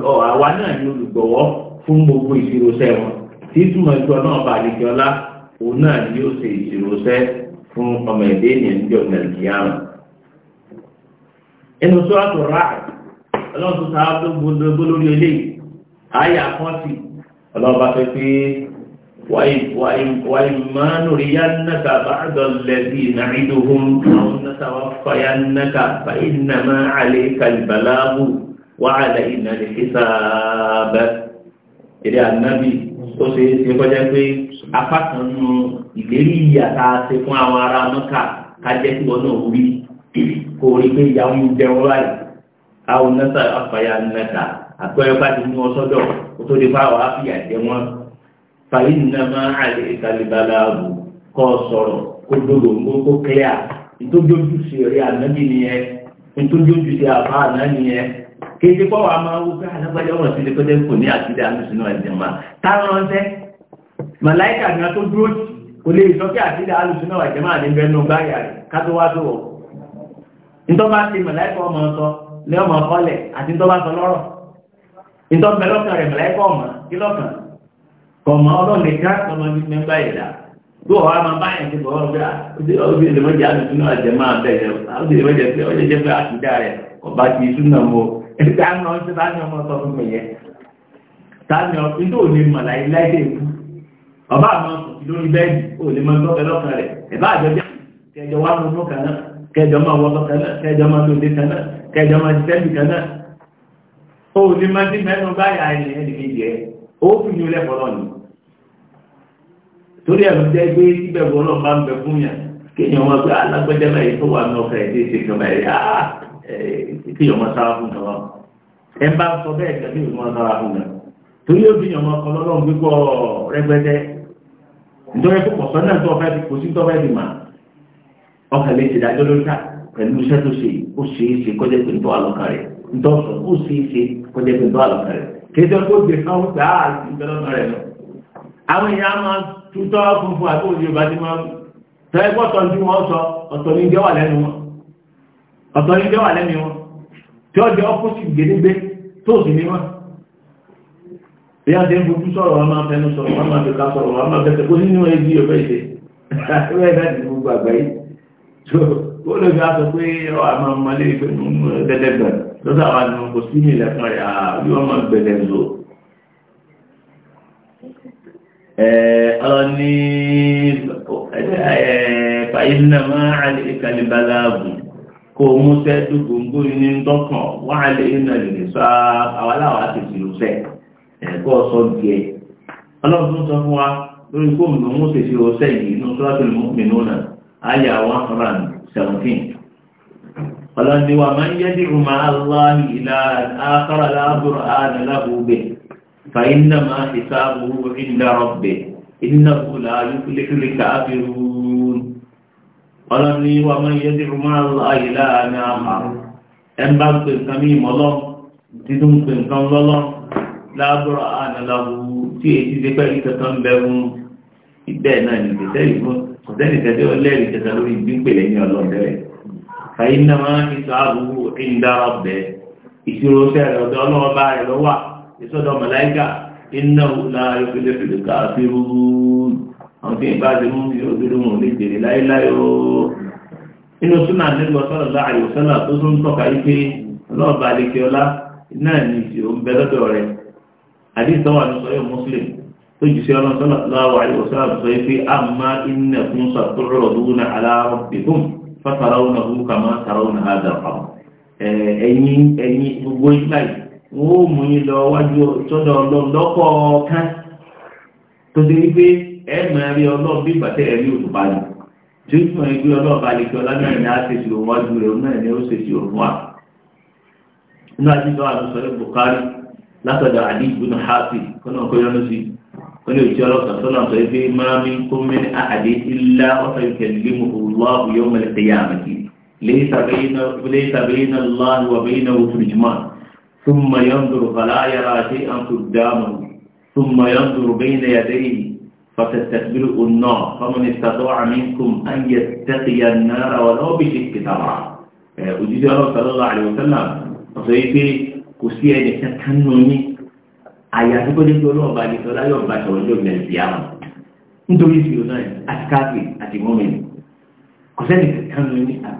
ọ̀dọ̀ àwa náà ni olùgbọ̀wọ́ fún gbogbo ìṣirọ́sẹ́ wọn tí túmọ̀ ìjọ náà bá lè jọlá òun náà ni yóò ṣe ìṣirọ́sẹ́ fún ọmọ ẹ̀dẹ́ ènìyàn níjọ nàìjíríà. inú sọ́ọ̀tù ráì ọlọ́run tó sáà tó gbogbo lórí eléyìí àyà kan sí ọlọ́run bá fẹ́ pé وإما نرينك بعض الذي نعدهم أو نتوفينك فإنما عليك البلاغ وعلينا الحساب إلى النبي ó ṣe é ṣe kọjá pé apá kan nù ìlérí ìyà tá a ṣe fún àwọn ará mọ́kà ká jẹ́ wọ́n náà rí kó rí pé ìyá ń jẹ wọ́n báyìí àwọn nọ́tà àfàyà nọ́tà àpẹẹrẹ bá ti mú ọ sọ́dọ̀ ó tó lè bá wàá jẹ wọ́n fàyín nà máa àlè ìtàlìbàlà ààbò kọ́ sọ̀rọ̀ kó dodo ńgó kó kílíà ntòjòjú sí rí ànábì nìyẹn ntòjòjú sí àbá àná nìyẹn kéde kọ́ wa máa wú pé alágbájá ọ̀rọ̀ sí lẹ́kọ́jẹ́ kò ní àtìdá àmúṣinú ẹ̀jẹ̀má táwọn ọ̀sẹ̀ màláìkà ni a tó dúró tì kò lè sọ pé àtìdá àmúṣinú ẹ̀jẹ̀má ní bẹnu gbáyà rẹ̀ kátó wá tó wọ̀ ntọ́ba ti màláìkà ọmọ sọ lẹ́ ọmọ kọ́lẹ̀ àti ntọ́ba sọ lọ́rọ̀ ntọ́bẹ̀lọ́kàn rẹ̀ màláìkà ọmọ kílọ̀kàn kọ̀mọ̀ ọlọ́nìká ọmọ ní mẹ́mbà ìdá tó ọ̀há máa bá yẹn ti bọ̀ ọ́rọ̀ bí ọdún ilé mọ́jà àdùnnú àjẹ máa bẹ̀rẹ̀ ọdún ilé mọ́jà ọjọ́ jẹ́ pé àtúndà rẹ̀ ọba ti mọ́ ẹ̀ka ń lọ sí ọmọ sọ fún mi yẹn ọba máa máa ẹ̀ torí ẹ̀ ló jẹ́ pé síbẹ̀ bọ́ náà máa ń bẹ fún yàn kéèyàn wọn pé alágbẹ́jẹ́ ah, báyìí tó wà ní ọkọ̀ ẹ̀dí ṣe kan báyìí ah, kéèyàn wọn sára fún kan ẹ bá sọ bẹ́ẹ̀ kẹ́lí ìlú wọn sára fún kan torí òbí yàn wọn kọ lọ́lọ́run gbígbọ́ rẹpẹtẹ nítorí pé pọ̀sọ́ náà tó ọ̀fẹ́ kò sí tọ́fẹ́ ti mà ọkàn lè ṣe dájọ́ lórí ká pẹ̀lú iṣẹ́ tó ṣe ó ṣe é ṣe kọjá pé nítorí àlọ́kàn rẹ̀ nítorí ó ṣe é ṣe kọjá pé nítorí àlọ́kàn rẹ̀ kéjọ́ tó gbé káwọn gbà á ah, ìgbẹ́lọ́kàn rẹ̀ náà àwọn èèyàn máa tútọ́ funfun àti òjò ìbá ti máa tọ́ ẹgbọ́ tọ́ ní wọ́n sọ ọ̀tọ̀ ní jẹ́wà lẹ́nu wọn ọ̀tọ̀ ní jẹ́wà lẹ́nu wọn tí ó jẹ́ ọkùn sí gbèdégbé tó sì ní wọn bí a ti ń fojú sọ̀rọ̀ wọn máa fẹnu sọ̀rọ̀ wọn máa fẹ́ka sọ̀rọ̀ wọn máa fẹ́sẹ̀ kó nínú ẹbí ọ̀fẹ́ ìṣe ẹgbẹ́ ìfẹ́ ti gbogbo àgbáyé tó ó lè fi aṣọ pé ọ àmọ́ ọmọlé ìfẹ́ nínú dẹ́dẹ́gbẹ̀rẹ̀ lọ́sàwọn sí ní ilẹ̀kùn ọlọ́ni fàyínàmá àlèkàlìbàláàbù kò mú tẹ́ dùgbòǹgbò ní dọ́kàn wà lè nà lè sọ àwàláwà àtẹ̀sí lọ́sẹ̀ ẹ̀kọ́ sọ díẹ̀ ọlọ́run sọ fún wa lórí kó mú mú tẹ̀sí lọ́sẹ̀ yìí inú sọ́lọ́tì فإنما حسابه عند ربه إنه لا يفلح الكافرون ọlọ́run ni wọ́n máa ń yẹ́ sí rúmọ́ láàyè láàrin àmàrùn ẹ̀ ń bá ń pè nǹkan mí mọ́lọ́ títún ń pè nǹkan lọ́lọ́ láàbùrọ̀ ànàláwù tí èyí lórí ìgbínpele ní ọlọ́ọ̀dẹ́rẹ́ fàyín máa ń sọ àbúrò ìdára ọ̀bẹ ìṣirò sẹ́rẹ̀ ọ̀dọ́ ọlọ́ọ̀bá rẹ̀ lọ́wọ́ ìsọ́dọ̀ màláíkà iná la ìpínlẹ̀ pèlè káàfíru àwọn tí ìbá ti mú ìròdúró wọn lè jèrè láéláé o inú súnà nílùú ọ̀sọ́rọ̀ bá àyòsọ́là tó tún tọ́ka ike ọlọ́ọ̀bá adékeọlá náà ní ìṣòro ń bẹ lọ́dọ̀ rẹ̀ àdìsọ́wà ní sọ́yọ́ mùsùlùmí tó jù sí ọlọ́run sallallahu alaihi wasallam sọ pé amma innakum wọ́n ó mú yín lọ wájú sọ́dọ̀ ọlọ́run lọ́kọ̀ọ̀kan tó ti ní pé ẹ máa rí ọlọ́run bí ìgbà tẹ́ ẹ rí òtún balẹ̀ tí ó túmọ̀ ní pé ọlọ́run na lè fi ọlágbára ní àṣeṣe òun wájú rẹ̀ òun náà ó òun Bukhari látọ̀dọ̀ àdí ìgbóná kọ́nà sí ثم ينظر فلا يرى شيئا قدامه ثم ينظر بين يديه فتستقبله النار فمن استطاع منكم ان يتقي النار ولو بشك طبعا. آه، اجيد الله صلى الله عليه وسلم فسيتي كسي ان اياتي كل يقولوا باقي صلاه يوم باقي صلاه يوم باقي صلاه يوم باقي صلاه يوم باقي صلاه يوم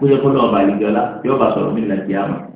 باقي باقي صلاه يوم باقي صلاه يوم باقي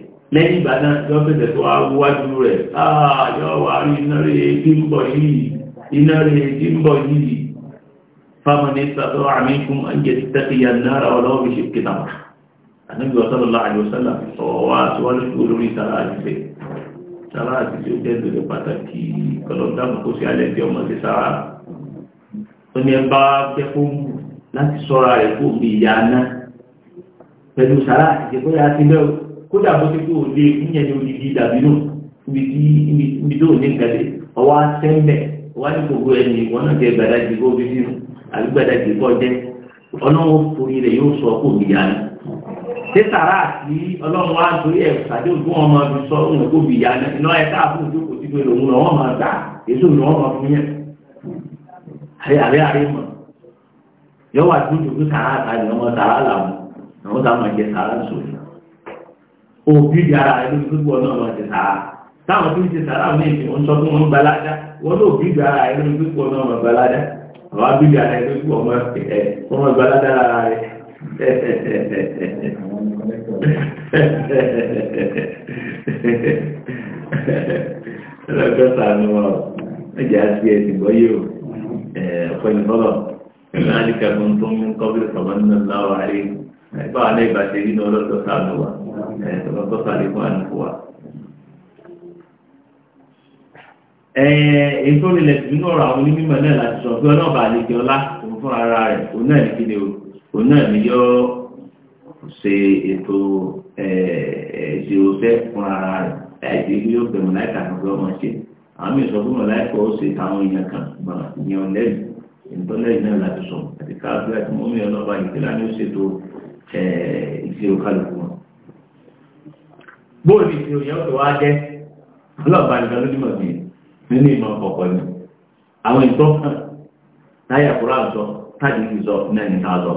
lẹ́yìn ìgbà náà yọ bẹ̀rẹ̀ tó wájú rẹ̀ ah, yọ wà rí iná rẹ̀ tí ń bọ̀ yìí iná rẹ̀ tí ń bọ̀ yìí fáwọn ní sàtọ́ àmì fún ẹ̀jẹ̀ tẹ́kìyà náírà ọlọ́wọ́ fi ṣe kìtà wà àníbi ọ̀sánlọ́lá àjọsánlá ọ̀wá síwájú tó lórí sára àjíṣe sára àjíṣe ó jẹ́ ìdòdó pàtàkì kọlọ́dàmù kó náà kódà bó ti kó o lé níyẹn ní odidi dàbí nù níbi tó o ní nǹkan ọwọ́ asẹ́ńbẹ̀ ọwọ́ ẹni wọn náà jẹ gbàdájì kó o fi àbí gbàdájì kó jẹ ọlọ́wọ́ forí rẹ̀ yóò sọ kó bìyà ni tẹ́tàrà àti ọlọ́run wa torí ẹ̀ sọ òbí di ara rẹ lórí gbogbo ọ̀nà ọ̀nà ti sàrà táwọn tó ń ti sàrà ní ìpín wọn sọ fún wọn gbalada wọn ló bí di ara lórí gbogbo ọ̀nà ọ̀nà àwọn lórí gbogbo ẹ̀sìn o ọ̀pọ̀ ìfọ́lọ̀ ìlànà tó ń kọ́ bí báwa náà ọlọ́tọ́ta lè fún àníkù wa. èyí tó nílẹ̀ sí nínú ọ̀rọ̀ àwọn onímọ̀ náà láti sọ pé ọlọ́ọ̀bà àlejò ọlá òun fún ara rẹ̀ òun náà ní kíni o òun náà ní yọ ṣe ètò ìṣirọ́sẹ́ fún ara rẹ̀ láìsí ní yóò pẹ̀lú láìka àkọ́kọ́ ọmọ ṣe àwọn mi sọ fún wọn láìpẹ́ ó ṣe táwọn èèyàn kan gbọ̀n ìyẹn lẹ́yìn ìtọ́lẹ́yìn náà láti sọ àti káàkiri àti mọ́mí ọlọ́ọ̀bà bóòlù ìṣirò yẹn ó tó wá jẹ́ ọlọ́ọ̀bá nìkan ló nímọ̀ bí nínú ìmọ̀ ọ̀pọ̀ ni àwọn ìtọ́kàn táyà kúrò àtọ́ táàdì ìsọ náà ní ká lọ.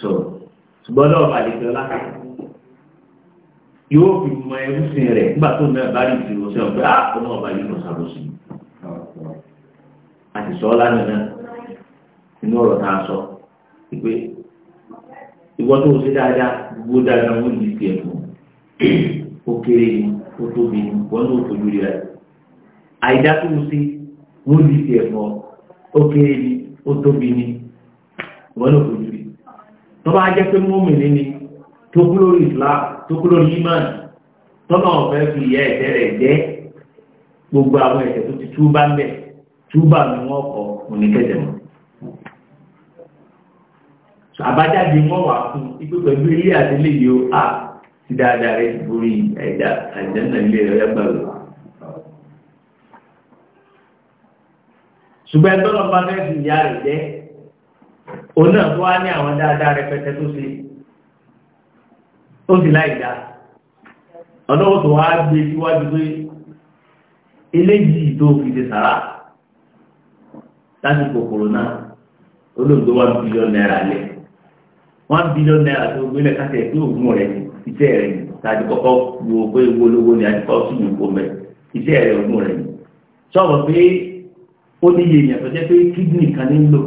so ṣùgbọ́n ọlọ́ọ̀bá nìkan lákà yóò fi mọ ẹrú rẹ̀ nígbà tó náà bá rí sẹ́wọ̀n ah, pé a ìwọ tó ṣe dáadáa gbogbo dáadáa wọn ní ìpè ẹ̀kọ́ ó kéré ni ó tóbi ni wọn ní òfojú rẹ àìdá tó ń ṣe wọn ní ìpè ẹ̀kọ́ ó kéré ni ó tóbi ni wọn ní òfojú rẹ tọ́ba ajẹ́ pé mọ́mìnrin ni tó kú lórí ìlà tó kú lórí imán tọ́ba ọ̀fẹ́ fi ìyá ẹ̀jẹ̀ rẹ̀ jẹ́ gbogbo àwọn ẹ̀jẹ̀ tó ti túbà ń túbà ni wọ́n kọ̀ òní kẹ̀jẹ̀ mọ́ àbájáde wọn wà fún ipò pẹ̀lú ilé àtìlẹ́ yìí ó à ah, ti dáadáa rẹ̀ ti borí ẹ̀dá àjẹ́nà ilé rẹ̀ yẹ́gbà rẹ̀. ṣùgbọ́n ẹgbẹ́ lọ bá fẹ́ fi ìyá rẹ̀ jẹ́ òun náà tó wá ní àwọn dáadáa rẹpẹtẹ tó ṣe ó sì láì dá ọlọ́wọ́ tó wá gbé síwájú pé eléyìí tó fi ṣe sàrà láti kòkòrò náà olóògbé wá bílíọ̀nù náírà lẹ̀ one billion naira tó gbélé káṣẹ pé òògùn rẹ ni iṣẹ́ rẹ ni tàbí kọ́kọ́ wo pé ewu olówó ni àti kọ́ sùn yòókù mẹ iṣẹ́ rẹ òògùn rẹ ni sọ̀rọ̀ pé ó ní iye ìyàtọ̀ jẹ́ pé kídìnì kan ní lò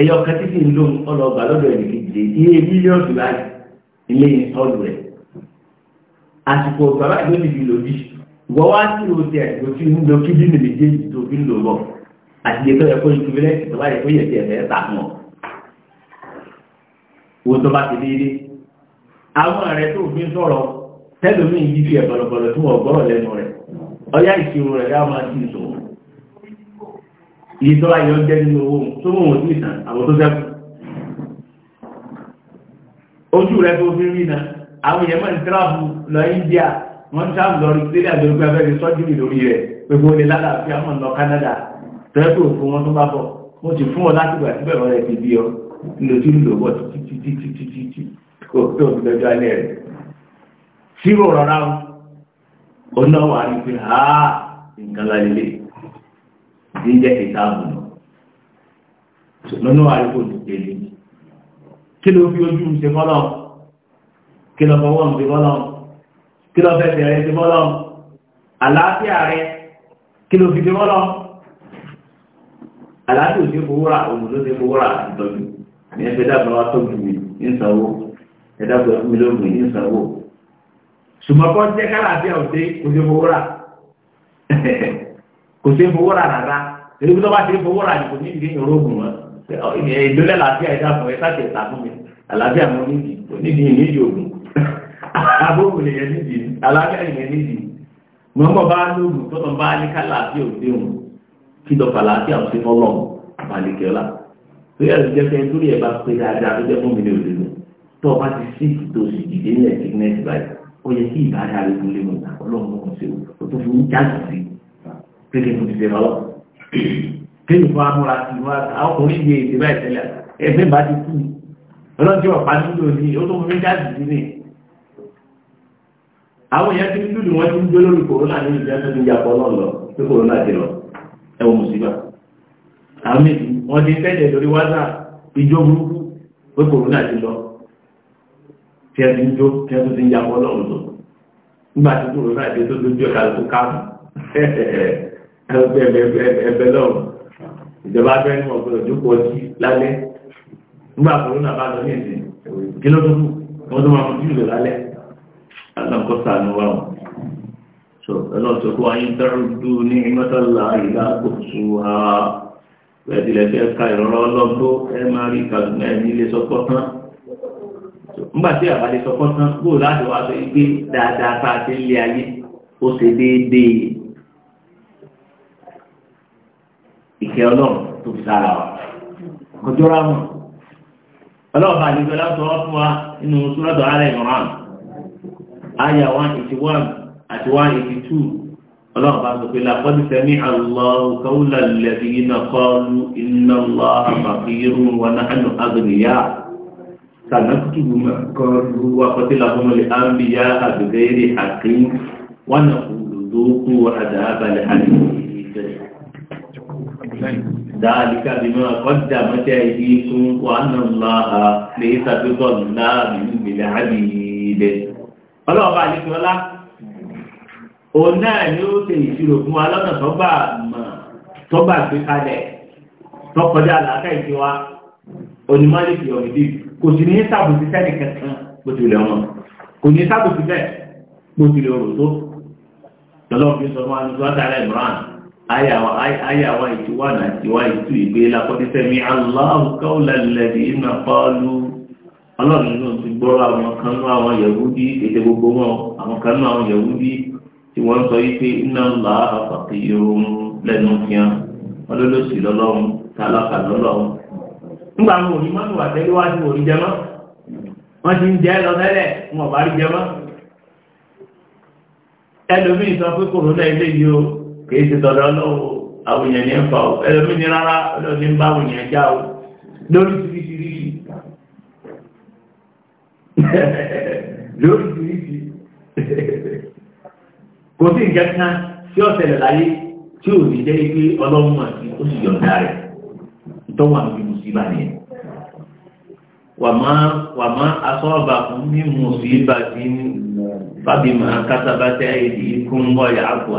ẹ̀yọ kan títí ń lò ọlọ́gbà lọ́dọ̀ ẹ̀ nìkejì iye mílíọ̀nù láì ilé ìtọ́jú rẹ̀ àsìkò bàbá ìlú ti fi lò bí ìwọ wá sí òtẹ ìlú tí ń lo kídìnì méjèèjì tó fi ń lò bọ̀ wo tó bá ti déédé àwọn rẹ̀ tó fi ń sọ̀rọ̀ tẹ́lómi yìí fi ẹ̀bọ̀lọ̀bọ̀lọ̀ tó wọ̀ gbọ́rọ̀ lẹ́nu rẹ̀ ọyá ìṣirò rẹ̀ yá máa ti sọ ìyí tó bá yọ jẹ́ nínú owó tó mọ̀ wọ́n sí ìtàn àwọn tó sẹ́kù ojú rẹ̀ tó fi rí na àwọn èèyàn máa ń tíráàbù lọ India wọ́n ń tíráàbù lọ rí sílẹ̀ àdókù abẹ́rẹ́ sọ́júrì lórí rẹ̀ gbogbo olè lálàáfíà mọ̀ lọ Canada tẹ́lẹ̀ tó fún wọn tó bá bọ̀ mo sì fún ọ láti lò tí ń lò bọ̀ títí títí títí títí kò tó fi lọ́jọ́ alẹ́ rẹ̀ tí rò rọra ó ná wà ní pé ha nǹkan lálẹ́ tí ń jẹ́ ìtààmù nù ṣùgbọ́n náà àríkò ní pèlè kí ló fi ojú ṣe fọ́lọ́ kí lọ fọwọ́ ṣe fọ́lọ́ kí lọ fẹsẹ̀ rẹ ṣe fọ́lọ́ àlàáfíà rẹ kí ló fi ṣe fọ́lọ́ àlàáfíà ò ṣe fowó rà òun ló ṣe fowó rà ìtọ́jú ní ẹgbẹ́ dàgbà wa tó ju mi ní ìsanwó ẹ̀dàgbà fún mi lóògùn ní ìsanwó ṣùgbọ́n kọ́ jẹ́ kára àti ọ̀sẹ̀ kò ṣe fowó rà kò ṣe fowó rà rárá èyí tó bá ṣe fowó rà ní kò ní ìdí ìrògùn wọn ìdólẹ́ làáfíà ẹ̀dá fún ẹ sáṣẹ̀ ìta fún mi àlàáfíà mo nídìí kò nídìí ìnídìí ògùn abóhùn lè yẹn nídìí àlàáfíà ìyẹn nídìí mọ́mọ́ bá lóògùn tó tán bá ní ká làáfíà òde òun kí dọ̀fà làáfíà òṣèfọ́ lọ́wọ́ pé ẹ̀rù jẹ́ pé nítorí ẹ̀ bá pé dáadáa tó jẹ́ fúnmi ní òdodo tó o bá ti síkì tó o sì dìde ní ẹ̀sìnkínẹ́sì báyìí ó yẹ kí ìbára rẹ̀ kún lé mu ìgbà ọlọ́run ló kàn sí o o tó fi ń jáde sí kéde mo ti fẹ́ bá wà. kéde fún amúra ti wá ọkùnrin yìí èdè báyìí tẹ́lẹ̀ ẹgbẹ́ bá ti kú ọlọ́jọ́ ọ̀pá nílò ní o tó fi ń jáde sí ní. àwọn èèyàn ti ń dúdú wọn ti ń gbé lórí kòrónà ní ìjọba tó ń yà àmì wọ́n ti tẹ́jẹ̀ lórí wáza ìjó burúkú pé kòrónà ti lọ tí ẹ ti ń jó tí ẹ tó ti ń yàwọ́ lọ́rùn tó nígbà tí kòrónà ti tó tó káàmù ẹgbẹ́ lọ́rùn so ẹlọ́sọ̀kọ́ ayé dárúdú ní ìmọ́tàlá ìlà àkóso bẹ́ẹ̀ tilẹ̀ fẹ́ ka ìrọ̀rọ̀ ọlọ́gbó ẹ máa rí kàdùnà ẹ̀mí lè sọpọ́ tán nígbà tí àbá lè sọpọ́ tán kó láti wá sọ pé dáadáa tá a ti ń lé ayé ó ṣe déédéé ìkẹ́ ọlọ́run tó fi sára wa kọjọ́ra mọ̀ ọlọ́run bá nígbà láti sọ fún wa nínú súrọ́dọ̀ alẹ́ ìmọ̀ràn àyà one eighty one àti one eighty two ọlọ́run bá sọ pé laqad sami'a Allahu qawla alladhina qalu inna Allaha faqirun wa nahnu aghniya sanaktubu ma qalu wa qatlahumul anbiya'a bighayri haqqin wa naqulu dhuqu adhabal hadid ذلك بما قدمت أيديكم وأن الله ليس بظلام بالعبيد. ọlọ́run òun náà ni ó ṣe ìṣirò fún wa lọ́nà tọ́gbà mọ̀ tọ́gbà gbé kalẹ̀ tọkọjá àlàáfẹ́ ìṣe wa onímọ̀lẹ́kì ọ̀gídì kò sì ní sábòsí sẹ́nì kankan bó ti lè wọn kò ní sábòsí bẹ́ẹ̀ bó ti lè rò tó lọ́lọ́run sọ fún wa ní sọ́tà alẹ́ ìmọ̀ràn ayàwó ìtiwá náà ìtiwá ìtú ìgbé lakọ́tẹ́sẹ́ mi aláwọ̀ káwọ́lá lẹ́bi iná pọ́ọ́lù ọlọ́run ló ti gbọ́rọ̀ àwọn kan náà àwọn Yahudi ètè gbogbo wọn àwọn kan náà àwọn Yahudi tí wọ́n sọ yìí pé iná ńlá àpàtì irun lẹ́nu fihàn wọn lólóṣì lọ́lọ́run tálákà lọ́lọ́run. nígbà wọn ò ní mọ́tò àtẹ́lẹ́wájú ò ní jẹ mọ́ wọ́n ti ń jẹ́ lọ tẹ́lẹ̀ wọn ò bá rí jẹ mọ́. ẹlòmíì sọ pé kòrónà ilé yìí o kì í ti dọ̀dọ̀ lọ́wọ́ àwọn èèyàn ní ẹ̀ fà o ẹlòmíì ní rárá ẹlòmíì ń bá àwọn já o lórí tìrìtìrì lórí tìrìtì. kò sí nǹkan kan tí ó ṣẹlẹ̀ láyé tí ò ní jẹ́ pé ọlọ́run àti ó sì yọ̀ǹda rẹ̀ ìtọ́wọ́ àti mùsíbà nìyẹn. wàmọ́ wàmọ́ asọ́ọ̀bà fún mi mùsíbà ti ń fábí máa kásábá tẹ́ èdè kún bọ́ọ̀yà àpò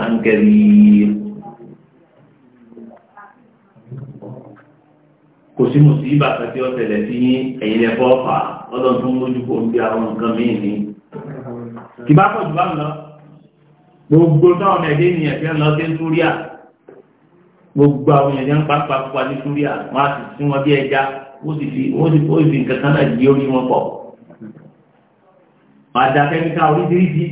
kò sí mùsíbà kan tí ó ṣẹlẹ̀ sí ẹ̀yìn ọlọ́run tó ń lójú kó ń bí gbogbo táwọn ẹ̀dẹ́ ènìyàn fi ń lọ sí súríà gbogbo àwọn èèyàn ń pápá pupa ní súríà wọn á sì sí wọn bí ẹja ó sì fi ó sì fi nǹkan kan náà di orí wọn pọ̀ àdá kẹ́míkà oríṣiríṣi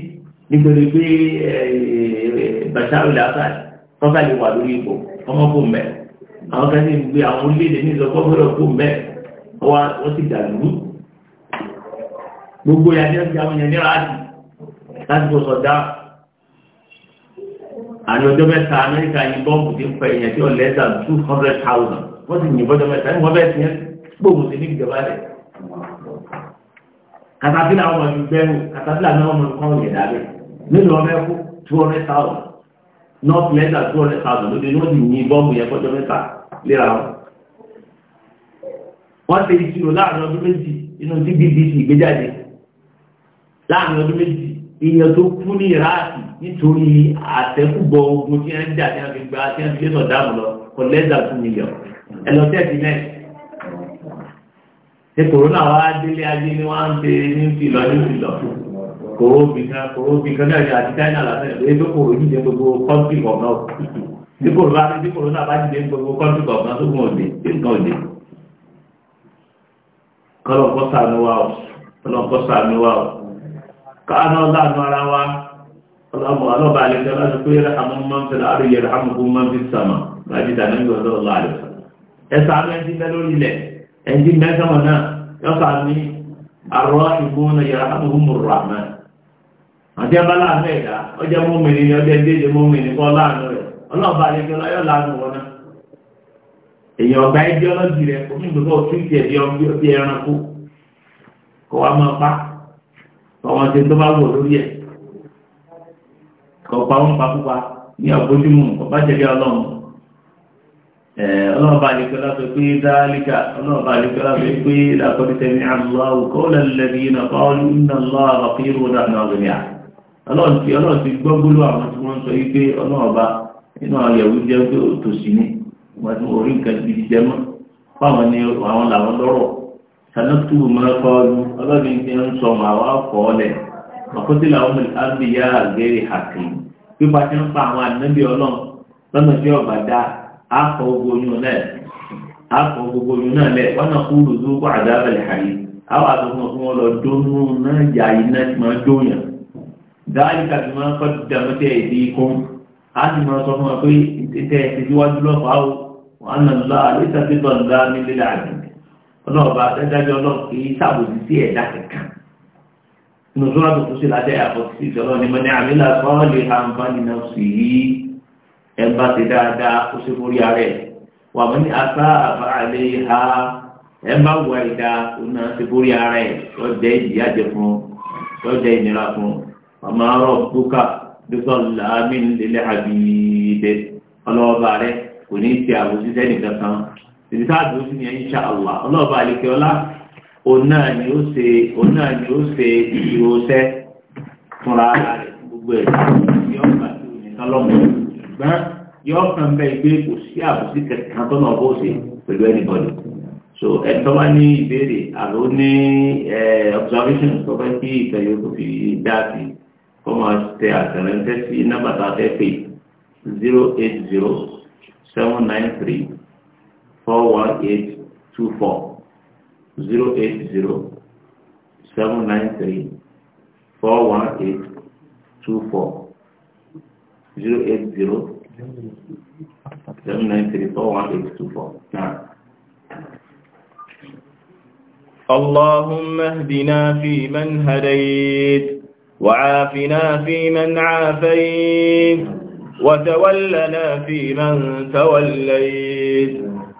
nítorí pé eh, Bashar al-Assad tọ́ka lè wà lórí ipò ọmọkù mẹ́ àwọn kan sì ń gbé àwọn orílẹ̀-èdè ní ìsọ̀kọ́ fẹ́rẹ̀ kù mẹ́ wọ́n sì dàlú gbogbo yàtí ẹ̀sìn àwọn èèyàn ní àní ọjọ́ mẹ́ta amẹ́ríkà yìí bọ́ọ̀bù ti ń pẹ́ ìyẹn tí ọ̀lẹ́ dà two hundred thousand wọ́n sì yìnbọn ọjọ́ mẹ́ta wọ́n bẹ́ẹ̀ tiẹ́ gbóògùn sí ní ìjọba rẹ̀. katapila ọmọ mi bẹ́ẹ̀rù katapila náà ọmọ mi kọ́ ọ̀yẹ̀ dàbẹ̀ nílùú ọmọ ẹ̀kú two hundred thousand north less than two hundred thousand lóde ni wọ́n sì yìn bọ́ọ̀bù yẹn fọ́jọ́ mẹ́ta léra wọn. wọ́n ṣe ìṣirò láàrin ọdún méjì èèyàn tó kú ní iraaki nítorí àtẹkùbọ ogun tí wọ́n jà tí wọ́n fi gba tí wọ́n fi lé sọdáàmù lọ kọ lẹsà two million ẹ lọ tẹsí náà ṣe kòrónà wa délé ajé ni wọ́n ń ṣe ní fìlọ ní fìlọ kòróbì kan kòróbì kan náà àti china lásán ẹ kòrò yìí gbogbo kọ́ńtì kọ̀ọ̀kan o tí kòrónà bá tí kòrónà bá ti dé gbogbo kọ́ńtì kọ̀ọ̀kan tó gùn òde tí nǹkan òde kọlọ̀kọ́sà ni wà ó kọlọ̀kọ́sà ni wà ó káàná láàánú ara wa ọlọ́mọ ọlọ́ba àlejò láti pé àwọn máa ń fẹ́ra àrùn yẹrẹ àmọ́ fún máa ń fi sàmà láti dáná ní ọ̀dọ́ ọlọ́ àlejò ẹ̀sà àmì ẹ̀jí bẹ́ lórí ilẹ̀ ẹ̀jí mẹ́sàmọ̀ náà wọn náà èyàn ọ̀gá ẹjọ́ lọ́jì rẹ̀ omi ìgbẹ́kọ̀ tún ìtì ẹ̀dí ọmọ bí ẹranko kọ́ wa máa pa ọmọ tí tó bá wò lórí ẹ̀ kọpa ń pa púpa ní ọ̀pójúmù ọba jẹ́gẹ́ ọlọ́run ọlọ́run bá lè pẹ́lá pé pé dáálíkà ọlọ́run bá lè pẹ́lá pé pé lákọ́dítẹ́ ní aláwò kọ́ọ̀lẹ̀ lẹ́bí iná pàọ́lù iná lọ́wọ́ àbàkírò dáná ọ̀gbìnìyà ọlọ́run ti ọlọ́run ti gbọ́ gbólú àwọn tí wọ́n sọ yí pé ọlọ́run bá iná yẹ̀wù jẹ́ pé òtòṣì ni wọ́n ti orí nǹkan gidi jẹ mọ́ fáwọn ni àwọn làwọn lọ́rọ̀ sanaktubu ma qalu ọlọ́ni ti ń sọ mà wá kọ́ọ̀lẹ̀ ọ̀kọ́tí làwọn àbí yá àgẹ́rẹ́ àkè pípa ti ń pa àwọn ànábì ọlọ́run lọ́nà tí ọ̀gbà dá akọ gbogbo oyún náà akọ gbogbo oyún náà lẹ̀ wọ́n náà kú lùdú kó àdábẹ̀lẹ̀ àyè àwọn àtọkùnrin fún wọn lọ dónú náà yà iná tí máa dóyàn dáàlì kàtí máa kọ́ dàmẹ́tẹ̀ èdè ikún á sì máa sọ fún wọn pé tẹ́ ẹ ti síwájú lọ́fàá o wọn náà lọ àlẹ́ ìtàkùn ọlọ́ọ̀bá adájọ́ ọlọ́ọ̀ kì í sàbòsí sí ẹ̀dá kankan nínú tó láti kùsí láti àbọ̀ sí ìjọba ni mo ní àmìlà sọ́ọ̀lì àǹfààní náà sì rí ẹ̀bá ti dáadáa ó sì forí ara ẹ̀ wà mí ní asá àbá àlẹ́ ha ẹ̀bá wà ìdá òun náà sì forí ara ẹ̀ lọ́jẹ́ ìyá jẹ fún lọ́jẹ́ ìnira fún ọmọ arọ búkà bíkọ làámì lélẹ́ àbí ìdẹ ọlọ́ọ̀bá rẹ kò ní í ṣe àbòsí kan ìdí tá a dùn sí ni insha Allah ọlọ́ọ̀bá àlekè ọlá òun náà ni ó ṣe òun ni ó ṣe ìṣirò ṣẹ́ fúnra rẹ̀ gbogbo ẹ̀ yọ ọ̀gá tó nìkan lọ́mọ ṣùgbọ́n yọ ọ̀kan bẹ́ẹ̀ gbé kò sí àbùsí kẹ̀kẹ́ tó náà bó ṣe pẹ̀lú ẹnìbọ̀dì so ẹ̀tọ́ wá ní ìbéèrè àló ní observation tó fẹ́ kí ìtẹ̀yọ́ tó fi dá sí kó máa tẹ àtẹ̀rẹ́ńtẹ́ sí nọ́mbà tá a fẹ́ pè zero eight zero seven nine three. 41824 080 793 41824 080 793 41824 نعم اللهم اهدنا فيمن هديت وعافنا فيمن عافيت وتولنا فيمن توليت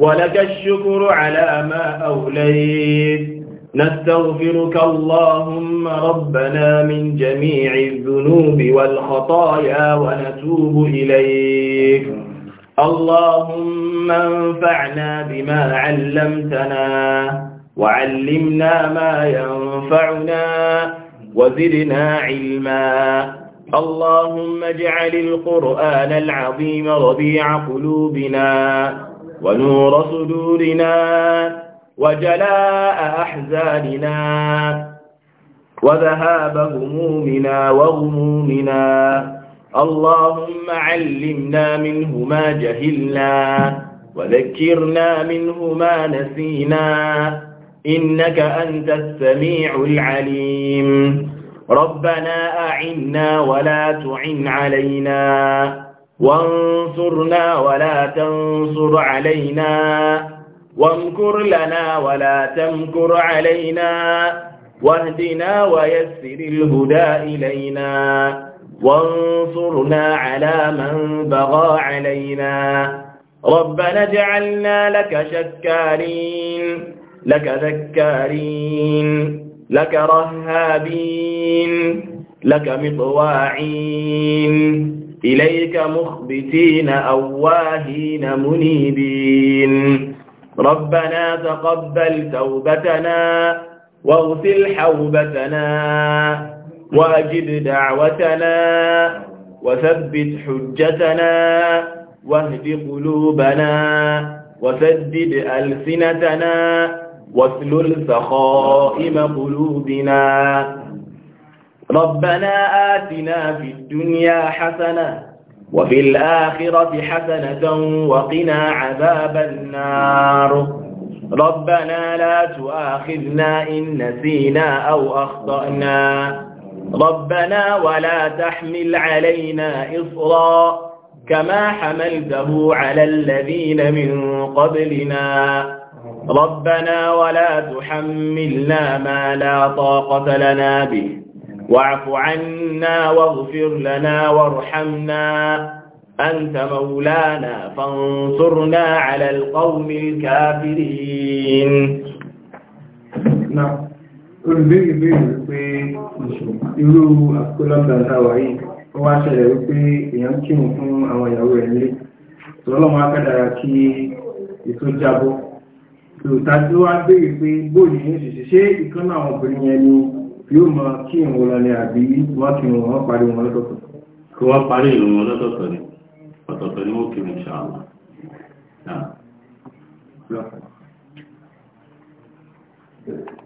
ولك الشكر على ما أوليت نستغفرك اللهم ربنا من جميع الذنوب والخطايا ونتوب إليك اللهم انفعنا بما علمتنا وعلمنا ما ينفعنا وزدنا علما اللهم اجعل القرآن العظيم ربيع قلوبنا ونور صدورنا وجلاء أحزاننا وذهاب همومنا وغمومنا اللهم علمنا منه ما جهلنا وذكرنا منه ما نسينا إنك أنت السميع العليم ربنا أعنا ولا تعن علينا وانصرنا ولا تنصر علينا وامكر لنا ولا تمكر علينا واهدنا ويسر الهدى إلينا وانصرنا على من بغى علينا ربنا اجعلنا لك شكارين لك ذكارين لك رهابين لك مطواعين إليك مخبتين أواهين منيبين ربنا تقبل توبتنا واغسل حوبتنا وأجب دعوتنا وثبت حجتنا واهد قلوبنا وسدد ألسنتنا واسلل سخائم قلوبنا ربنا آتنا في الدنيا حسنة وفي الآخرة حسنة وقنا عذاب النار ربنا لا تؤاخذنا إن نسينا أو أخطأنا ربنا ولا تحمل علينا إصرا كما حملته على الذين من قبلنا ربنا ولا تحملنا ما لا طاقة لنا به واعف عنا واغفر لنا وارحمنا أنت مولانا فانصرنا على القوم الكافرين نعم lòtàjú wá béèrè pé bóòlù ní ṣiṣẹ́ ṣé ìkan náà àwọn obìnrin yẹn ni yóò mọ kí ìwọ̀n lọ ní àbí wọ́n kí wọ́n parí wọn lọ́dọ̀tọ̀ kí wọ́n parí ìlú wọn lọ́dọ̀tọ̀ ni ọ̀tọ̀tọ̀ ni wọ́n kí wọn ṣàlá Thank